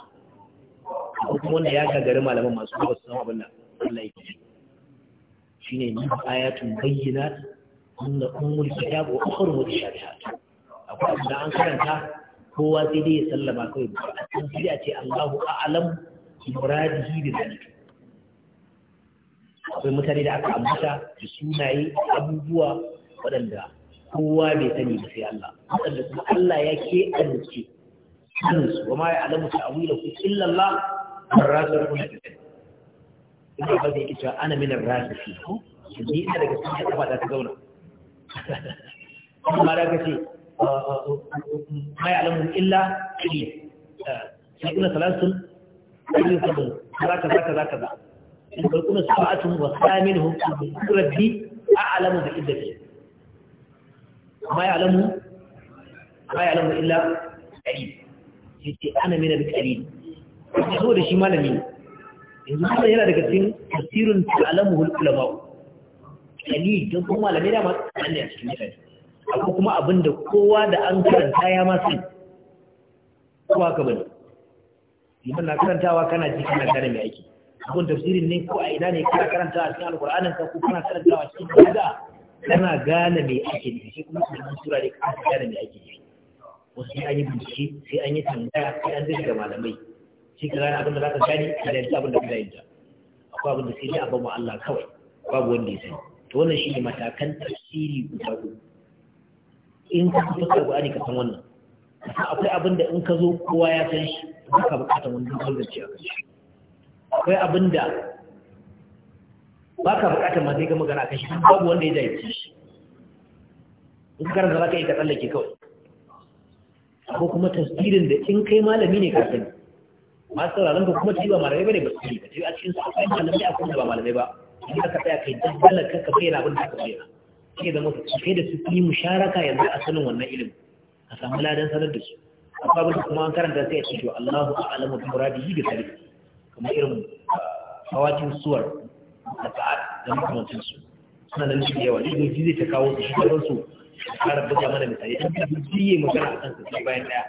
Speaker 1: ko kuma wanda ya gagari malaman masu ba su san abin da Allah yake ci shine ni ayatun bayyinat inna ummul kitab wa shafi mutashabihat akwai abu da an karanta kowa sai dai ya sallama kawai ba a san sai a ce Allahu a'lam bi muradihi bi zalika akwai mutane da aka ambata da sunaye abubuwa waɗanda kowa bai sani ba sai Allah waɗanda kuma Allah ya ke alce sanin wa ma ya alamu ta'awila ku illa Allah ar-rasul kun ina ba zai kici ana min ar-rasul ko ni ina daga cikin kafa da ta zauna amma da kace ma ya alamu illa kiyya sai kuna salatul ayyukan kaza kaza kaza in kalkuna sab'atun wa saminuhum rabbi a'lamu bi iddati ma ya'lamu ma ya'lamu illa qalil yace ana mina bi qalil saboda shi malami yanzu kuma yana daga cikin tafsirun ta'lamuhu ulama kalil don kuma malami da ma kalil a cikin mutane akwai kuma abin kowa da an karanta ya ma kowa ka bane idan na karantawa kana ji kana gane mai aiki abun tafsirin ne ko a ina ne kana karanta a cikin alƙur'anin ka ko kana karanta a cikin bada kana gane me ake nufi shi kuma cikin sura ne kana gane me ake nufi wasu sai an yi bincike sai an yi tambaya sai an zai ga malamai shi ka gane abin da za ka gane ka yanzu abin da ka yanzu akwai abin da sai dai a bamu Allah kawai babu wanda ya sani to wannan shi ne matakan tafsiri guda uku in ka fito alƙur'ani ka san wannan akwai abin da in ka zo kowa ya san shi ka buƙatar wani duk wanda ce a kan shi akwai abin da ba ka bukatar masu ga magana kashi, shi babu wanda ya jayi shi in karanta za ka yi ka tsallake kawai ko kuma tasirin da in kai malami ne kafin masu sauraron ka kuma ba malamai ba ne ba su yi ba a cikin su akwai malamai akwai da ba malamai ba in ka tsaya kai kanka bai yana abin da aka bayyana ke zama su kai da su yi musharaka yanzu a sanin wannan ilimin a samu ladan sanar da su akwai abin kuma an karanta sai a ce to Allahu a'lamu bi muradihi bi sadiqi na irin ah, hawakin suwar da ka'ad da makamancin su suna nan shi da yawa duk zai ta kawo su shi kaɗan su ƙara buga mana misali ɗan ta biye magana a kansa sai bayan ɗaya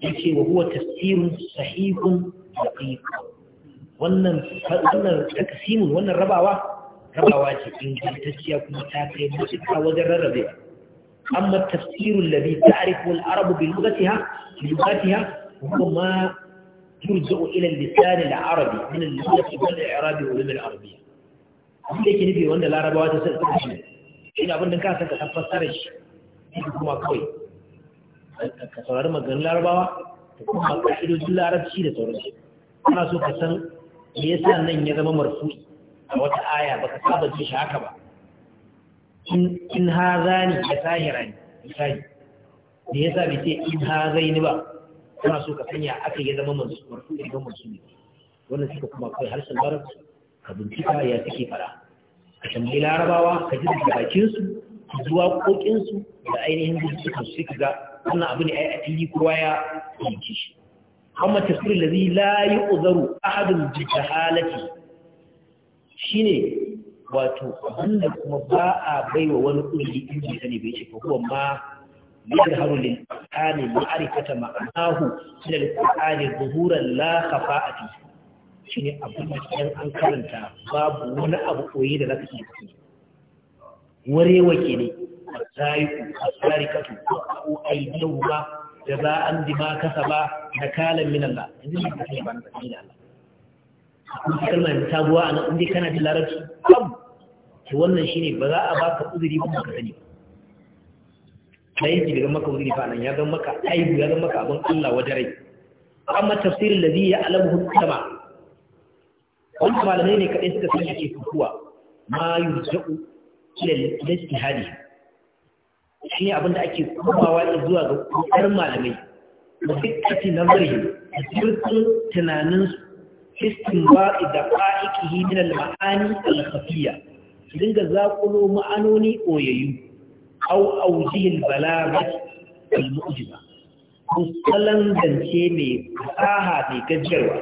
Speaker 1: ya ce wa huwa tasirin sahihun da wannan wannan takasimin wannan rabawa rabawa ce ingantacciya kuma ta kai mutuka wajen rarrabe. amma tafsirul ladhi ta'rifu al-arabu bi lughatiha bi lughatiha huwa ma ترجع إلى اللسان العربي من اللغة والإعراب والعلوم العربية abin da yake nufi wanda larabawa ta sarki shi shine abin da ka ka tabbatar shi shi kuma kawai ka saurari maganin larabawa da kuma ka'idojin larabci da sauransu Kana so ka san me yasa nan ya zama marfu'i a wata aya ba ka saba ce shi ba in ha zani ya me yasa bai ce in ba kana so ka sanya aka ya zama masu marfu ya zama masu ne wannan suka kuma kai harshen larabci ka bincika ya suke fara ka tambayi larabawa ka ji daga bakin su zuwa kokin su da ainihin bincikan su suka ga wannan abu ne ai a fili kowa ya fahimci shi amma tafsir allazi la yu'zaru ahadun bi jahalati shine wato abinda kuma ba a baiwa wani kuri in ne bai ce ko kuma يظهر للقرآن معرفة معناه من القرآن ظهورا لا خفاء فيه shine abin da idan an karanta babu wani abu koyi da zaka iya ciki warewa ke ne zaiku asarikatu ko aidiyu ba da za an dima kasa ba da kalan min Allah yanzu ba na da Allah kuma kalmar ta zuwa a nan kana da larabci to wannan shine ba za a baka uzuri ba ka sani ba na yi zama maka wuri fa nan ya zama maka aibu ya zama maka abin Allah wajen rai amma tafsirin da zai ya alamu sama wani malamai ne kaɗai suka san yake fukuwa ma yurja'u ila ijtihadi shi ne abin da kumawa komawa zuwa ga kokarin malamai da na zari a cikin tunanin fiskin ba da fa'ikihi min maani al-khafiyya dinga zaƙulo ma'anoni oyayyu au aujihil balagat al-mu'jiba ko salon zance mai fasaha mai gajiyarwa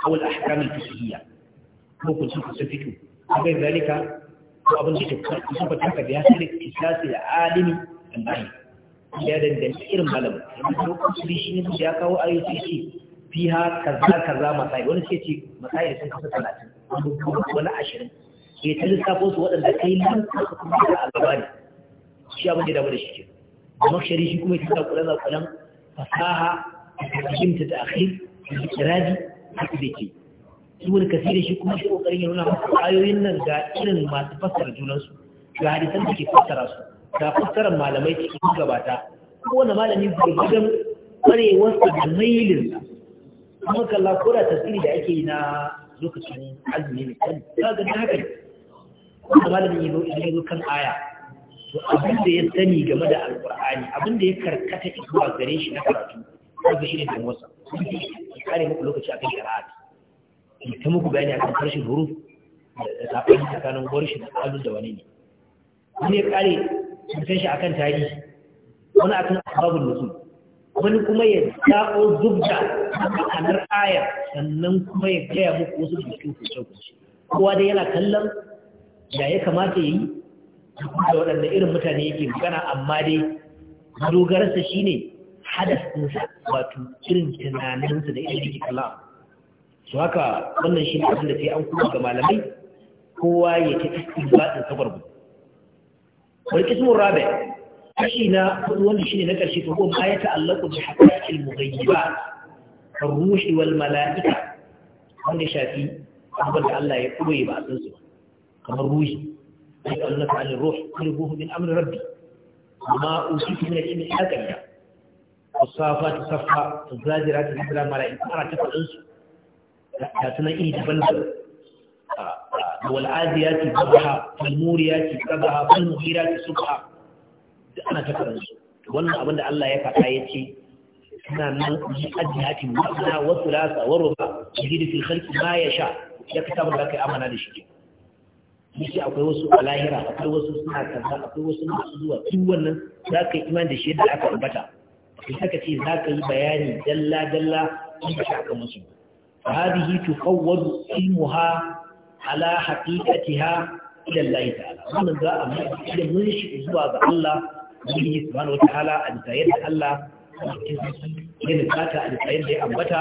Speaker 1: ko al-ahkam al-fiqhiyya ko kun suka su fito abin zalika ko abin da ke suka taka da ya sai kisasi da alimi dan bai ya danganta irin malam yanzu lokacin da shi ne ya kawo ayyuki fiha kaza kaza masai wani sun wani ashirin ta lissafo su waɗanda kai lantarki kuma shi abin da damu da shi ke makshari shi kuma yake kula da kulan fasaha da fahimta ta akhir da kiradi haka da ke ibn kasir shi kuma shi kokarin ya nuna masu ayoyin nan ga irin masu fassara junansu ga hadisan da ke fassara su ga fassarar malamai cikin gabata kowane malami gurgudan kwarewarsa da mailin kuma kalla ko da tasiri da ake yi na lokacin azumi ne kan ga haka ne kowane malamin ya zo kan aya to abin da ya sani game da alkur'ani abin da ya karkata zuwa gare shi na karatu wanda shi ne da wasa ya kare muku lokaci akan shari'a in ta muku bayani akan karshen huruf da zaɓen tsakanin gwarshi da tsalun da wani ne wani ya kare mutan shi akan tarihi wani akan asbabun nutsu, wani kuma ya zaɓo zubda kanar aya sannan kuma ya gaya muku wasu da suke kusurkusu kowa dai yana kallon ya ya kamata ya yi da waɗanda irin mutane yake magana amma dai dogararsa shi ne hadasinsa wato irin tunaninsa da irin jikin Allah su haka wannan shi ne abin da sai an kuma ga malamai kowa ya ta iskin baɗin sagwarbu wani kismin rabe kashi na kudu wanda shi ne na ƙarshe ko ma ya ta'allaku da haƙaƙil mughayyiba ruhi wal mala'ika wanda shafi abin da Allah ya koyi ba a kamar ruhi يسألونك عن الروح قل هو من أمر ربي وما أوتيت من العلم إلا قليلا والصافات صفا الزاجرات الإسلام على إنسان تفعل أنسو لا تنئيه تبلغ والعاديات ضبحا فالموريات ضبحا فالمغيرات صبحا أنا تفعل أنسو wannan abin da Allah ya faɗa ya ce suna nan yi ajiyati ma'ana wasu lasa wa ruba yajidu fil khalqi ma yasha ya kitabu da kai amana da shi yace akwai wasu a lahira akwai wasu suna kaza akwai wasu masu zuwa duk wannan za ka yi iman da shi yadda aka ambata sai saka ce za ka yi bayani dalla dalla in ka aka musu fa hadhihi tufawwadu ilmuha ala haqiqatiha ila Allah ta'ala wannan za a mai da mun shi zuwa ga Allah bihi subhanahu wataala a da yadda Allah ya nufata a da yadda ya ambata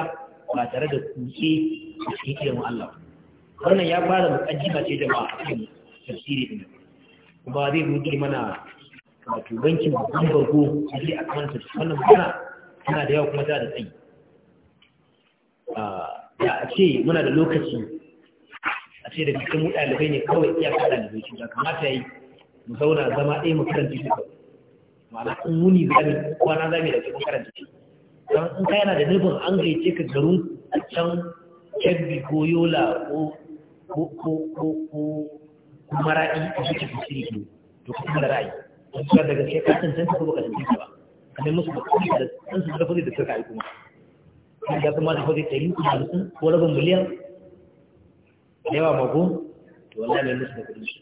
Speaker 1: ba tare da kuke a cikin ilimin Allah wannan ya fara mukaddima ce jama'a a cikin tafsiri din kuma zai buɗe mana wato bankin babban bargo a zai a kan tafsiri wannan magana tana da yawa kuma ta da tsayi da ah, a ce muna da lokaci a ce da cikin mu ɗalibai ne kawai iyaka da ce da kamata ya yi mu zauna zama ɗaya mu karanta shi kawai ma'ana in wuni zami kwana zami da cikin karanta shi don in ka yana da nufin an gaice ka garin can kebbi ko yola ko ko ko ko ko kuma ra'ayi a cikin tafsiri ne to kuma da ra'ayi kuma daga sai ka san tantance ka baka tantance ba kamar musu ba kuma da san su da fadi da suka yi kuma kan da kuma da fadi da yin kuma sun ko rabin miliyan da yawa mago to wallahi mai musu da kudin su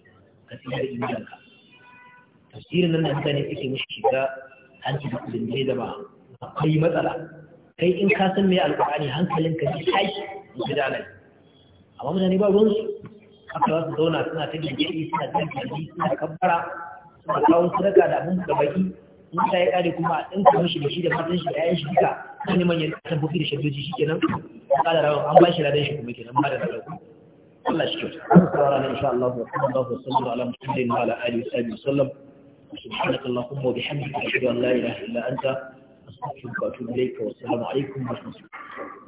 Speaker 1: ka tsira da imanin ka tafsirin nan da mutane suke mushi shiga hanci da kudin da ba, akwai matsala kai in ka san me alƙur'ani hankalinka ne kai da dalai amma mutane ba ruwansu haka za su zauna suna ta gajeri suna ta gajeri suna kabbara suna kawo sadaka da abin da baki in ta ya kare kuma a ɗin shi da shi da matan shi da yayan shi duka kan neman yana tabbofi da shaddoji shi kenan ya kada rawar an ba shi ladan shi kuma kenan ba da rawar Allah shi kyauta. An saurara na insha Allah wa sallallahu wa sallallahu ala Muhammadin wa ala alihi wa sahbihi sallam. سبحانك اللهم وبحمدك لا والسلام عليكم الله